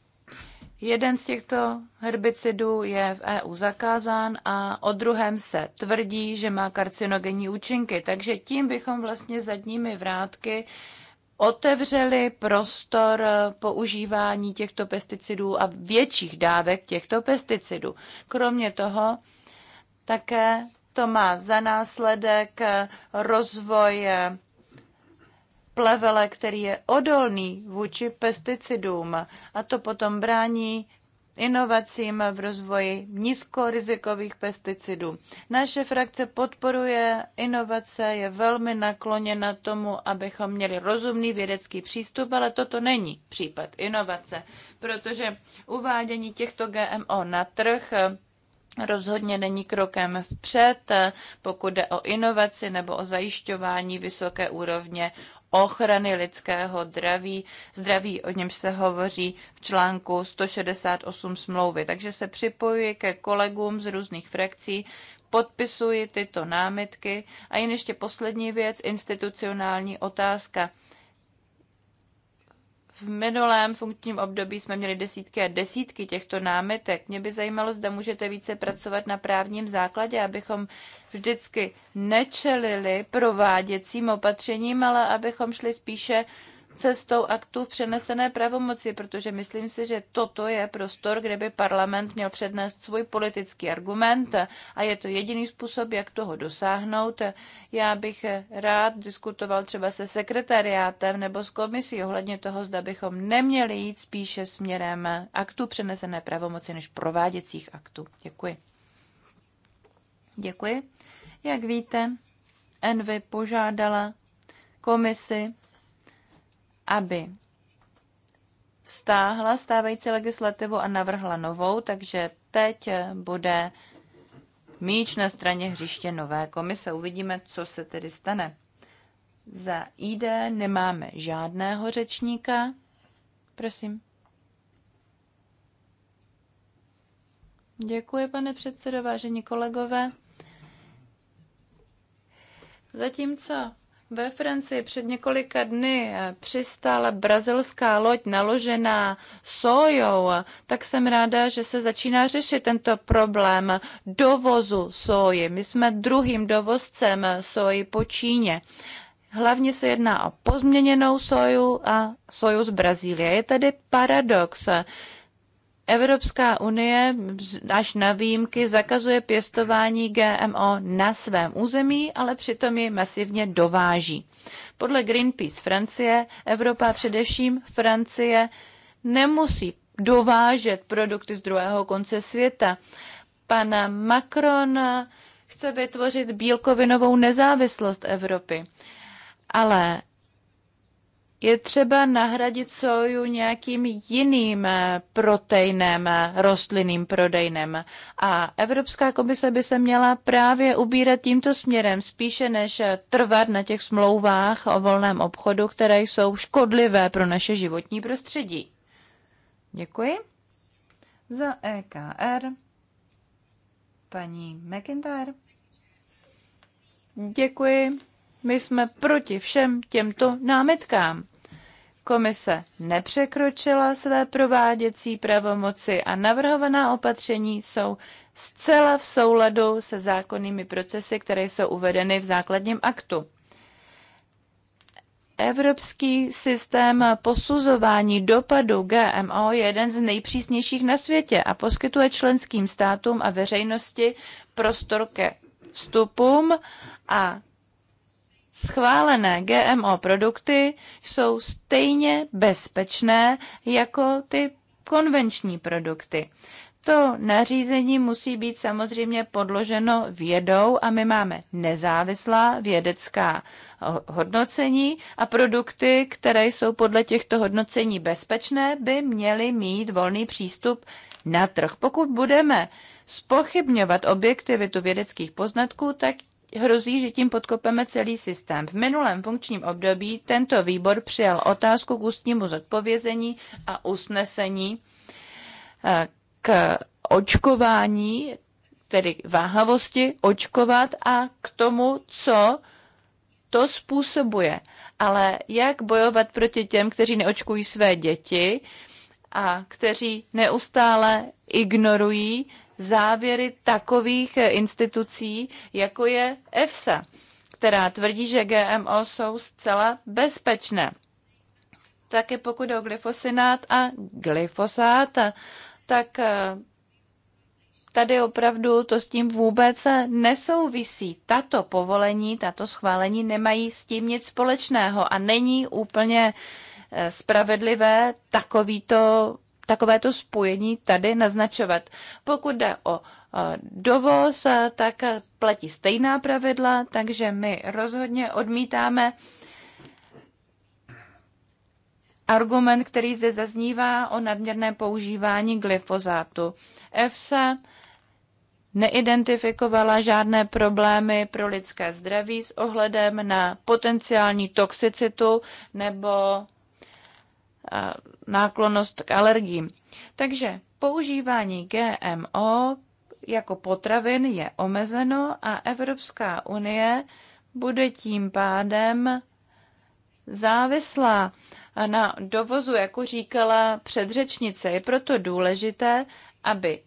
Jeden z těchto herbicidů je v EU zakázán a o druhém se tvrdí, že má karcinogenní účinky. Takže tím bychom vlastně zadními vrátky otevřeli prostor eh, používání těchto pesticidů a větších dávek těchto pesticidů. Kromě toho také to má za následek rozvoj plevele, který je odolný vůči pesticidům a to potom brání inovacím v rozvoji nízkorizikových pesticidů. Naše frakce podporuje inovace, je velmi nakloněna tomu, abychom měli rozumný vědecký přístup, ale toto není případ inovace, protože uvádění těchto GMO na trh rozhodně není krokem vpřed, pokud jde o inovaci nebo o zajišťování vysoké úrovně ochrany lidského zdraví, zdraví, o něm se hovoří v článku 168 smlouvy. Takže se připojuji ke kolegům z různých frakcí, podpisuji tyto námitky. A jen ještě poslední věc, institucionální otázka. V minulém funkčním období jsme měli desítky a desítky těchto námitek. Mě by zajímalo, zda můžete více pracovat na právním základě, abychom vždycky nečelili prováděcím opatřením, ale abychom šli spíše cestou aktů v přenesené pravomoci, protože myslím si, že toto je prostor, kde by parlament měl přednést svůj politický argument a je to jediný způsob, jak toho dosáhnout. Já bych rád diskutoval třeba se sekretariátem nebo s komisí ohledně toho, zda bychom neměli jít spíše směrem aktů přenesené pravomoci než prováděcích aktů. Děkuji. Děkuji. Jak víte, Envy požádala komisi aby stáhla stávající legislativu a navrhla novou, takže teď bude míč na straně hřiště nové komise. Uvidíme, co se tedy stane. Za ID nemáme žádného řečníka. Prosím. Děkuji, pane předsedo, vážení kolegové. Zatímco ve Francii před několika dny eh, přistála brazilská loď naložená sojou, tak jsem ráda, že se začíná řešit tento problém dovozu soji. My jsme druhým dovozcem soji po Číně. Hlavně se jedná o pozměněnou soju a soju z Brazílie. Je tedy paradox, Evropská unie až na výjimky zakazuje pěstování GMO na svém území, ale přitom ji masivně dováží. Podle Greenpeace Francie, Evropa především Francie nemusí dovážet produkty z druhého konce světa. Pan Macron chce vytvořit bílkovinovou nezávislost Evropy. Ale je třeba nahradit soju nějakým jiným eh, proteinem, eh, rostlinným prodejnem. A Evropská komise by se měla právě ubírat tímto směrem, spíše než eh, trvat na těch smlouvách o volném obchodu, které jsou škodlivé pro naše životní prostředí. Děkuji. Za EKR paní McIntyre. Děkuji. My jsme proti všem těmto námitkám. Komise nepřekročila své prováděcí pravomoci a navrhovaná opatření jsou zcela v souladu se zákonnými procesy, které jsou uvedeny v základním aktu. Evropský systém posuzování dopadu GMO je jeden z nejpřísnějších na světě a poskytuje členským státům a veřejnosti prostor ke vstupům a schválené GMO produkty jsou stejně bezpečné jako ty konvenční produkty. To nařízení musí být samozřejmě podloženo vědou a my máme nezávislá vědecká hodnocení a produkty, které jsou podle těchto hodnocení bezpečné, by měly mít volný přístup na trh. Pokud budeme spochybňovat objektivitu vědeckých poznatků, tak hrozí, že tím podkopeme celý systém. V minulém funkčním období tento výbor přijal otázku k ústnímu zodpovězení a usnesení eh, k očkování, tedy váhavosti očkovat a k tomu, co to způsobuje. Ale jak bojovat proti těm, kteří neočkují své děti a kteří neustále ignorují závěry takových eh, institucí, jako je EFSA, která tvrdí, že GMO jsou zcela bezpečné. Také pokud o glyfosinát a glyfosát, eh, tak eh, tady opravdu to s tím vůbec nesouvisí. Tato povolení, tato schválení nemají s tím nic společného a není úplně spravedlivé takovýto takovéto spojení tady naznačovat. Pokud jde o eh, dovoz, eh, tak platí stejná pravidla, takže my rozhodně odmítáme argument, který zde zaznívá o nadměrné používání glyfozátu. EFSA neidentifikovala žádné problémy pro lidské zdraví s ohledem na potenciální toxicitu nebo náklonost k alergím. Takže používání GMO jako potravin je omezeno a Evropská unie bude tím pádem závislá na dovozu, jako říkala předřečnice. Je proto důležité, aby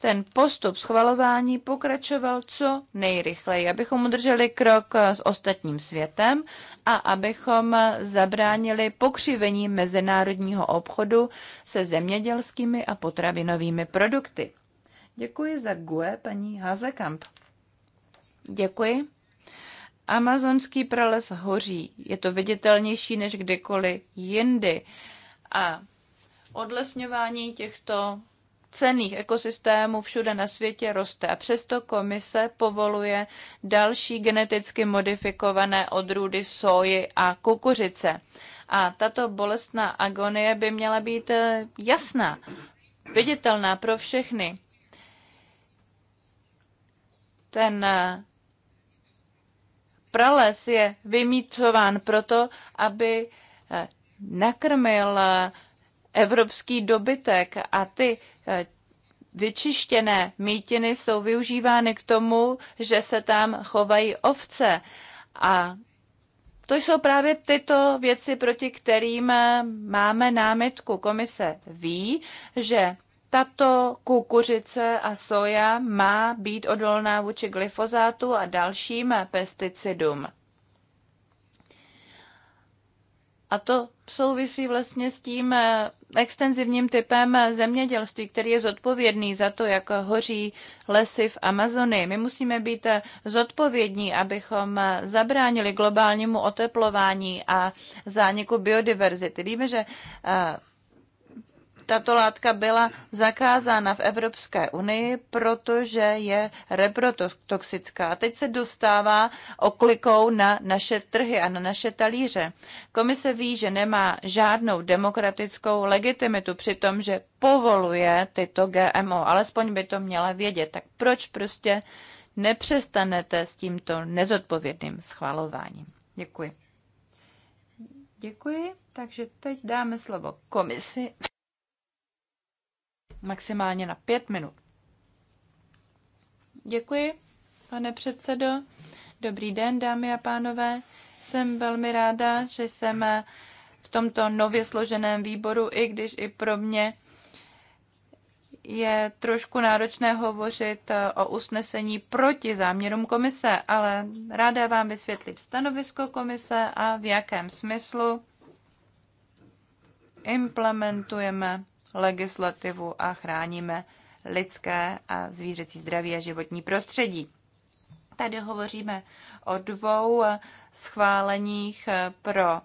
ten postup schvalování pokračoval co nejrychleji, abychom udrželi krok s ostatním světem a abychom zabránili pokřivení mezinárodního obchodu se zemědělskými a potravinovými produkty. Děkuji za GUE, paní Hazekamp. Děkuji. Amazonský prales hoří. Je to viditelnější než kdykoliv jindy. A odlesňování těchto cených ekosystémů všude na světě roste a přesto komise povoluje další geneticky modifikované odrůdy soji a kukuřice. A tato bolestná agonie by měla být eh, jasná, viditelná pro všechny. Ten eh, prales je vymícován proto, aby eh, nakrmil evropský dobytek a ty eh, vyčištěné mítiny jsou využívány k tomu, že se tam chovají ovce. A to jsou právě tyto věci, proti kterým eh, máme námitku. Komise ví, že tato kukuřice a soja má být odolná vůči glyfozátu a dalším pesticidům. A to souvisí vlastně s tím eh, extenzivním typem eh, zemědělství, který je zodpovědný za to, jak hoří lesy v Amazonii. My musíme být eh, zodpovědní, abychom zabránili globálnímu oteplování a zániku biodiverzity. Víme, že tato látka byla zakázána v Evropské unii, protože je reprotoxická. A teď se dostává oklikou na naše trhy a na naše talíře. Komise ví, že nemá žádnou demokratickou legitimitu při tom, že povoluje tyto GMO. Alespoň by to měla vědět. Tak proč prostě nepřestanete s tímto nezodpovědným schvalováním? Děkuji. Děkuji. Takže teď dáme slovo komisi maximálně na pět minut. Děkuji, pane předsedo. Dobrý den, dámy a pánové. Jsem velmi ráda, že jsem v tomto nově složeném výboru, i když i pro mě je trošku náročné hovořit o usnesení proti záměrům komise, ale ráda vám vysvětlím stanovisko komise a v jakém smyslu implementujeme legislativu a chráníme lidské a zvířecí zdraví a životní prostředí. Tady hovoříme o dvou schváleních pro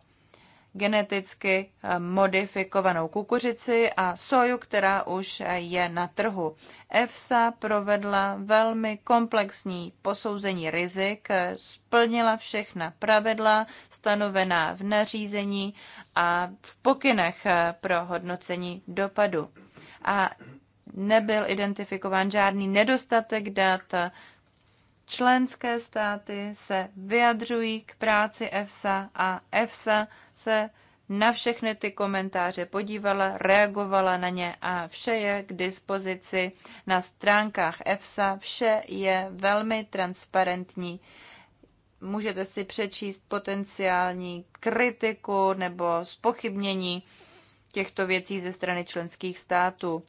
geneticky eh, modifikovanou kukuřici a soju, která už eh, je na trhu. EFSA provedla velmi komplexní posouzení rizik, eh, splnila všechna pravidla stanovená v nařízení a v pokynech pro hodnocení dopadu. A nebyl identifikován žádný nedostatek dat, členské státy se vyjadřují k práci EFSA a EFSA se na všechny ty komentáře podívala, reagovala na ně a vše je k dispozici na stránkách EFSA. Vše je velmi transparentní. Můžete si přečíst potenciální kritiku nebo spochybnění těchto věcí ze strany členských států.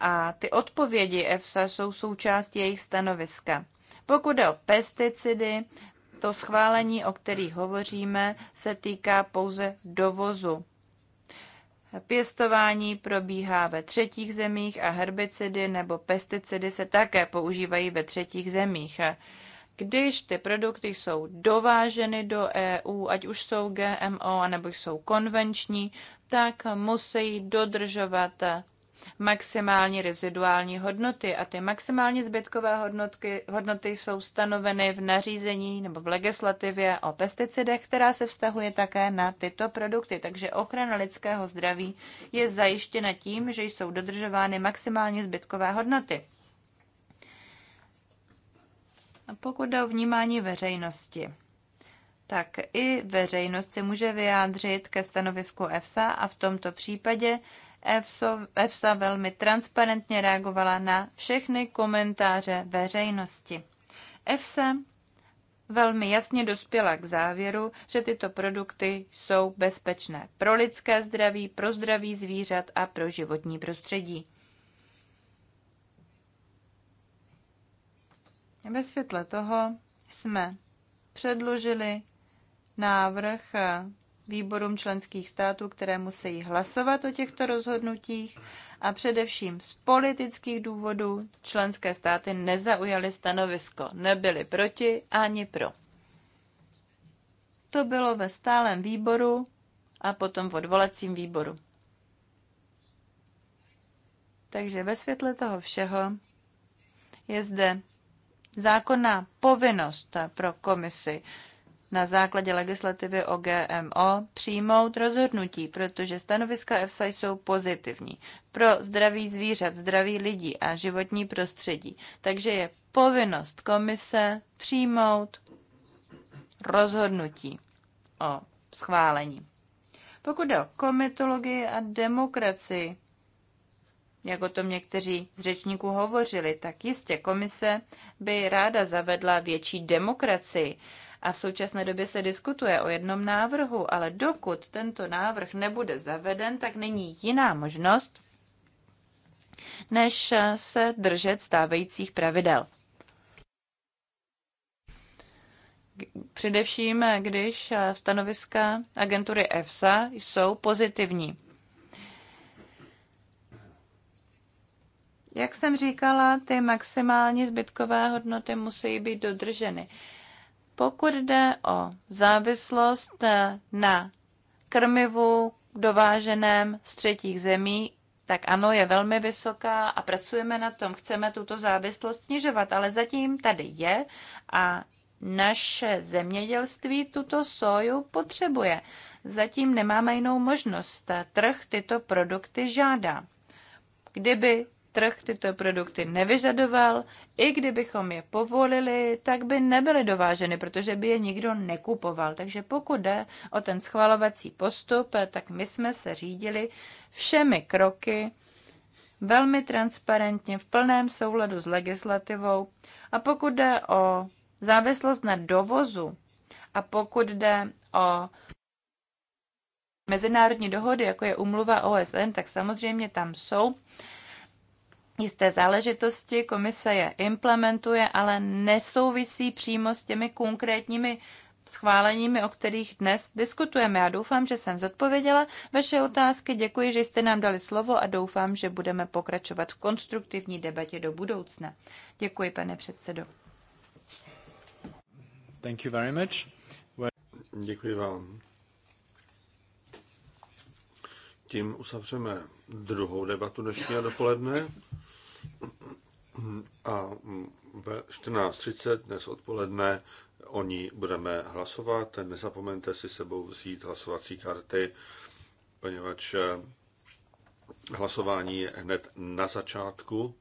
A ty odpovědi EFSA jsou součástí jejich stanoviska. Pokud jde o pesticidy, to schválení, o kterých hovoříme, se týká pouze dovozu. Pěstování probíhá ve třetích zemích a herbicidy nebo pesticidy se také používají ve třetích zemích. Když ty produkty jsou dováženy do EU, ať už jsou GMO, anebo jsou konvenční, tak musí dodržovat maximální reziduální hodnoty a ty maximální zbytkové hodnotky, hodnoty jsou stanoveny v nařízení nebo v legislativě o pesticidech, která se vztahuje také na tyto produkty. Takže ochrana lidského zdraví je zajištěna tím, že jsou dodržovány maximální zbytkové hodnoty. A pokud jde o vnímání veřejnosti, tak i veřejnost se může vyjádřit ke stanovisku EFSA a v tomto případě EFSA velmi transparentně reagovala na všechny komentáře veřejnosti. EFSA velmi jasně dospěla k závěru, že tyto produkty jsou bezpečné pro lidské zdraví, pro zdraví zvířat a pro životní prostředí. Ve světle toho jsme předložili návrh výborům členských států, které musí hlasovat o těchto rozhodnutích a především z politických důvodů členské státy nezaujaly stanovisko, nebyly proti ani pro. To bylo ve stálem výboru a potom v odvolacím výboru. Takže ve světle toho všeho je zde zákonná povinnost pro komisi na základě legislativy o GMO přijmout rozhodnutí, protože stanoviska EFSA jsou pozitivní pro zdraví zvířat, zdraví lidí a životní prostředí. Takže je povinnost komise přijmout rozhodnutí o schválení. Pokud jde o komitologii a demokracii, jak o tom někteří z řečníků hovořili, tak jistě komise by ráda zavedla větší demokracii, a v současné době se diskutuje o jednom návrhu, ale dokud tento návrh nebude zaveden, tak není jiná možnost, než se držet stávajících pravidel. Především, když stanoviska agentury EFSA jsou pozitivní. Jak jsem říkala, ty maximální zbytkové hodnoty musí být dodrženy. Pokud jde o závislost eh, na krmivu dováženém z třetích zemí, tak ano, je velmi vysoká a pracujeme na tom. Chceme tuto závislost snižovat, ale zatím tady je a naše zemědělství tuto soju potřebuje. Zatím nemáme jinou možnost. Trh tyto produkty žádá. Kdyby trh tyto produkty nevyžadoval. I kdybychom je povolili, tak by nebyly dováženy, protože by je nikdo nekupoval. Takže pokud jde o ten schvalovací postup, tak my jsme se řídili všemi kroky velmi transparentně, v plném souladu s legislativou. A pokud jde o závislost na dovozu a pokud jde o mezinárodní dohody, jako je umluva OSN, tak samozřejmě tam jsou jisté záležitosti, komise je implementuje, ale nesouvisí přímo s těmi konkrétními schváleními, o kterých dnes diskutujeme. Já doufám, že jsem zodpověděla vaše otázky. Děkuji, že jste nám dali slovo a doufám, že budeme pokračovat v konstruktivní debatě do budoucna. Děkuji, pane předsedo. Thank you very much. Well... Děkuji vám. Tím uzavřeme druhou debatu dnešního dopoledne. A ve 14.30 dnes odpoledne o ní budeme hlasovat. Nezapomeňte si sebou vzít hlasovací karty, poněvadž eh, hlasování je hned na začátku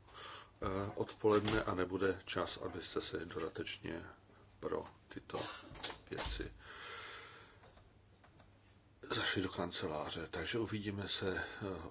eh, odpoledne a nebude čas, abyste se dodatečně pro tyto věci zašli do kanceláře. Takže uvidíme se eh,